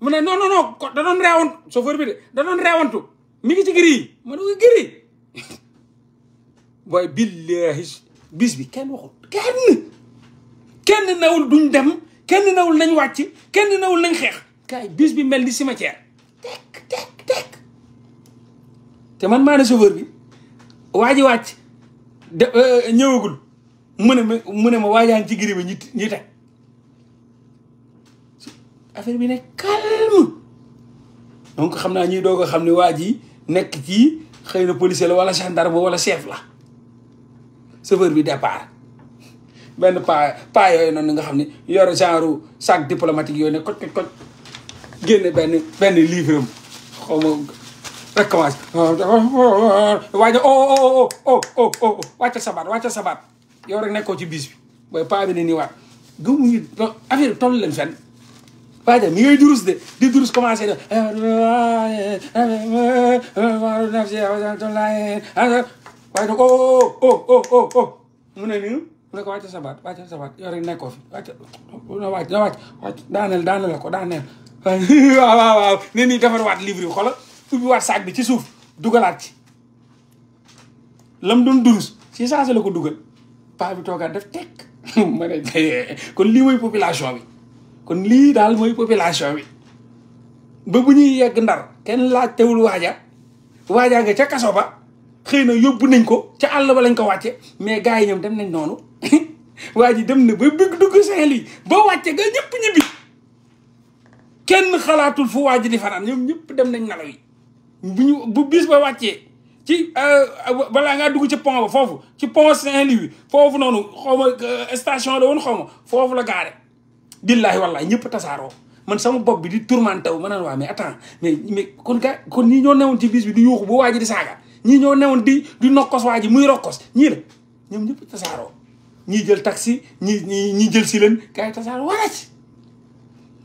mu ne non non non da doon reewantu chauffeur bi de da doon reewantu mi ngi ci giri yi mu ne <laughs> way billahi bis bi kenn waxul kenn kenn nawul duñ dem kenn nawul lañ wacc kenn nawul lañ xex kay bis bi mel ni cimetière tek tek tek te man maa ne chauffeur bi waji wacc euh, ñewugul mune mune ma wajaan ci giri bi ñi tek affaire bi nek calme donc xamna ñi doga xamni waji nek ci xeyna policier wala gendarme wala chef la chauffeur bi départ benn paa paa yooyu noonu nga xam ne yor genre sac diplomatique yooyu ne koj koj koj génne benn benn livre am xaw ma rek commencé waaja o oh, o oh, o oh, o wàcca sabaat wàcca sabaat yow rek nekkoo ci bis bi booy paa bi ne nii waat gëmuñu affaire bi toll leen fenn waaja mi ngay durus de di durus commencé de waaye nag oh oh, oh oh oh oh mu ne nii mu ne ko wàcc sa baat wàcc sa baat yow rek nekkoo fi wàcc na wàcc na wàcc wàcc daaneel daaneel la ko daaneel <laughs> waaw waaw waaw ne nii defar waat livre yi xoolal ubbi waat saag bi ci suuf dugalaat ci lam doon durus ci saa si la ko dugal paa bi toogaat def tekk <laughs> ma ne <laughs> kon lii mooy population bi kon lii daal mooy population bi ba bu ñuy yegg ndar kenn laaj tewul waaja waaja nga ca kaso ba xëy na yóbbu nañ ko ca àll ba lañ ko wàcce mais gars yi ñoom dem nañ noonu <laughs> waa ji dem na ba bëgg dugg Saint-Louis ba wàcce ga ñëpp ñibbi kenn xalaatul fu waa ji di fanaan ñoom ñëpp dem nañ nalaw yi bu ñu bu bis ba wàccee ci euh, a ngaa dugg ci pont ba foofu ci pont Saint-Louis foofu noonu xaw ma euh, station la woon xaw foofu la gaare billaahi wallaahi ñëpp tasaaroo man sama bopp bi di tourmenté wu ma naan waa mais attends mais kon ga kon ñi ñoo newoon ci bis bi di yuuxu bu waa ji di ñii ñoo newoon di di nokkos waa ji muy rokkos ñii la ñoom ñëpp tasaaroo ñii jël taxi ñii ñii ñii jël si leen gars yi tasaaroo wala ci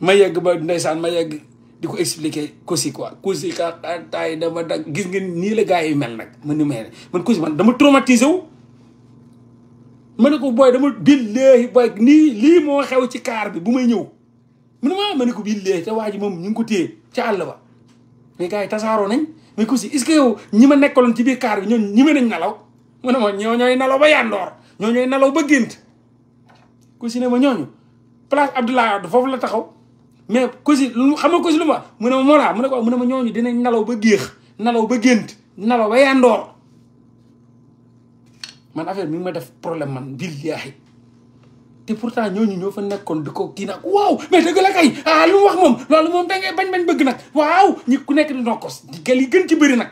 ma yegg ba ndeysaan ma yegg di ko expliquer Kossy quoi Kossy ka taay dama dag gis ngeen nii la yi mel nag man ni mel man Kossy man dama traumatisé wu ma ne ko booy dama billaahi nii lii moo xew ci kaar bi bu may ñëw man ma ah, ma ne ko billaahi te waa ji moom ñu ngi ko téye ca àll ba mais gars yi tasaaroo nañ mais Kousi est-ce que ñi ma nekkaloon ci biir kaar bi ñoom ñi ma nañ nalaw mu a ma ñoo ñooy nalaw ba yàndoor ñoo ñooy nalaw ba gént Kousi ma ñooñu place Abdoulaye foofu la taxaw mais Kousi lu xam nga Kousi lu ma mu ne ma mu ne ko mu ne ma ñooñu dinañ nalaw ba géex nalaw ba gént nalaw ba yàndoor man affaire mi ma def problème man billahi té pourtant ñu ñoo fa nekkon diko ko nak waw mais deug la kay ah lu wax mom lolu mom bëngé bañ bañ bëgg nak waw ñi ku nekk di nokos di gal yi gën ci bëri nak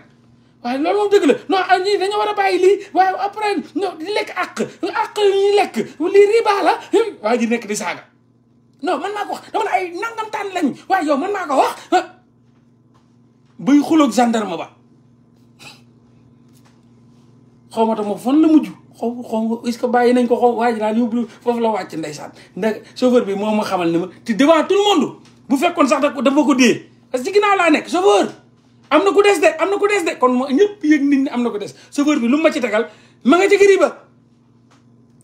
waaye lolu mom deug la non ah, ñii dañoo war a bàyyi lii waaw après no di lek ak ak ñi lek li riba la waa di nekk di saga non man mako ko wax dama ay nangam tan lañ waaye yow man mako ko wax ah. buy xuloog gendarme ba xaw ma fon la mujj xaw xaw est-ce que bàyyi nañ ko xaw waa ji daal foofu la wàcc ndeysaan ndax chauffeur bi moo ma xamal ne ma te devant tout le monde bu fekkoon sax dafa ko dee parce que ci ginnaaw laa nekk chauffeur am na ku des de am na ku des de kon ñëpp yëg nit ñi am na ku des chauffeur bi lu ma ci tegal ma nga ci gëri ba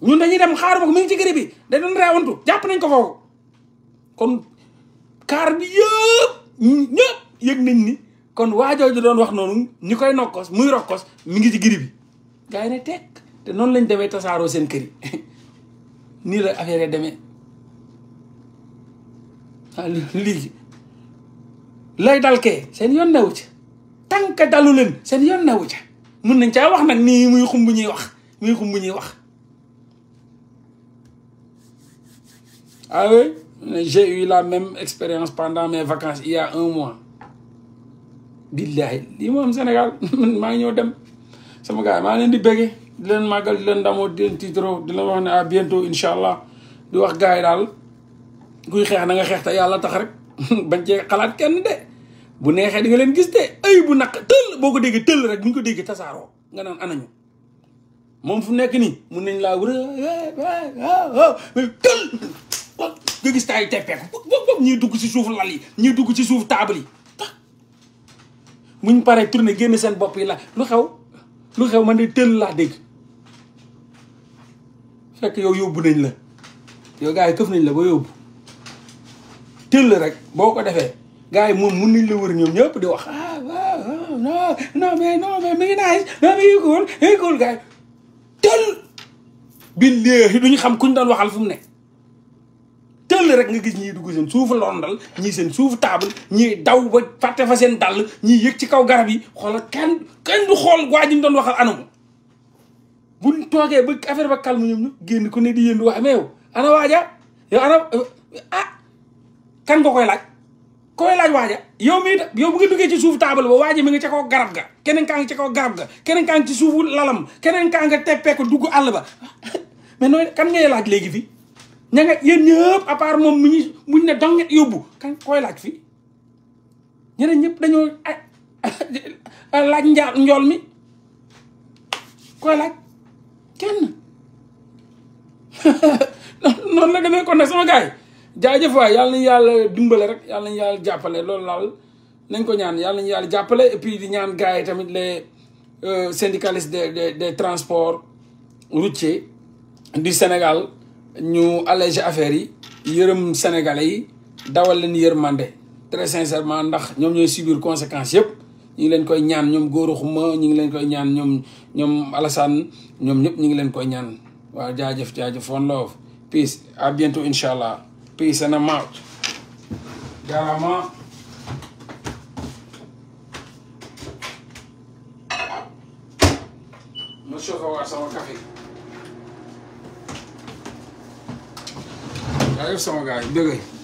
ñun dañuy dem xaar ma mi ngi ci gëri bi da doon reewantu jàpp ko foofu kon kaar bi yëpp ñëpp yëg nañ ni kon waajooju doon wax noonu ñu koy nokkos muy rokkos mi ngi ci gëri bi gars yi tekk te noonu lañ demee tasaaroo seen kër <laughs> nii la affaire yi demee lii lay dal kee seen yoon newu ca tànk dalu leen seen yoon newu ca mun nañ caa wax nag nii muy xumb ñuy wax muy xumb ñuy wax ah oui la même expérience pendant mais vacance il y un mois billahi lii moom Sénégal <laughs> maa ngi ñëw dem sama gars maa leen di bége di leen màggal leen damoo di leen tiitro di leen wax ne à bientôt incha di wax gaa yi daal kuy xeex na nga xeex te yàlla tax rek <laughs> bañ cee xalaat kenn de bu neexee di nga leen gis de ay bu naq tëll boo ko déggee tëll rek bu ko déggee tasaaroo nga naan moom fu nekk nii mun nañ laa wër tëll nga gis taay teppeeku bopp ñuy dugg ci suuf lal yi ñuy dugg ci suuf taabal yi muñ paree tourné génn seen bopp yi la lu xew lu xew ma de tëll laa dégg fekk yow yóbbu nañ la yow gars yi këf nañ la ba yóbbu tëll rek boo ko defee gars yi moom mun nañ la wër ñoom ñëpp di wax ah waaw non non mais non mais mi ngi nice non mi ngi cool mi ngi cool gars yi tëll billaahi duñu xam kuñ doon waxal fu mu ne tëll rek nga gis ñii dugg seen suufu londal ñii seen suufu table ñii daw ba fàtte fa seen dàll ñii yëg ci kaw garab yi xoolal kenn kenn du xool waa ji ñu doon waxal anamu buñ toogee ba affaire ba calme ñoom ñu génn ku ne di yéen wax mais yow ana waaja yow ana ah kan nga koy laaj koy laaj waaja yow mii yow bu nga duggee ci suuf taabal ba waaja mi ngi ca kaw garab ga keneen ngi ca kaw garab ga kaa ngi ci suufu lalam keneen kaa teg teppee ko dugg àll ba <laughs> mais nooy kan ngay laaj léegi fii ña nga ñëpp à part moom mu ñu muñ ne donget yóbbu kan koy laaj fii ñeneen ñëpp dañoo ah, <laughs> laaj njaal njool mi koy laaj Non, non non non, kon non, sama gars non, non, non, non, non, non, rek et puis les euh, syndicalistes des transports routiers du Sénégal ñu alléger affaire yi sénégalais yi dawal très sincèrement ndax avons les conséquences ñu leen koy ñaan ñoom góoru xuma ñu ngi leen koy ñaan ñoom ñoom Alassane ñoom ñëpp ñu ngi leen koy ñaan waaw jaajëf jaajëf one love peace à bientôt incha allah peace and I'm out garama ma sooka sama café jaajëf sama gars yi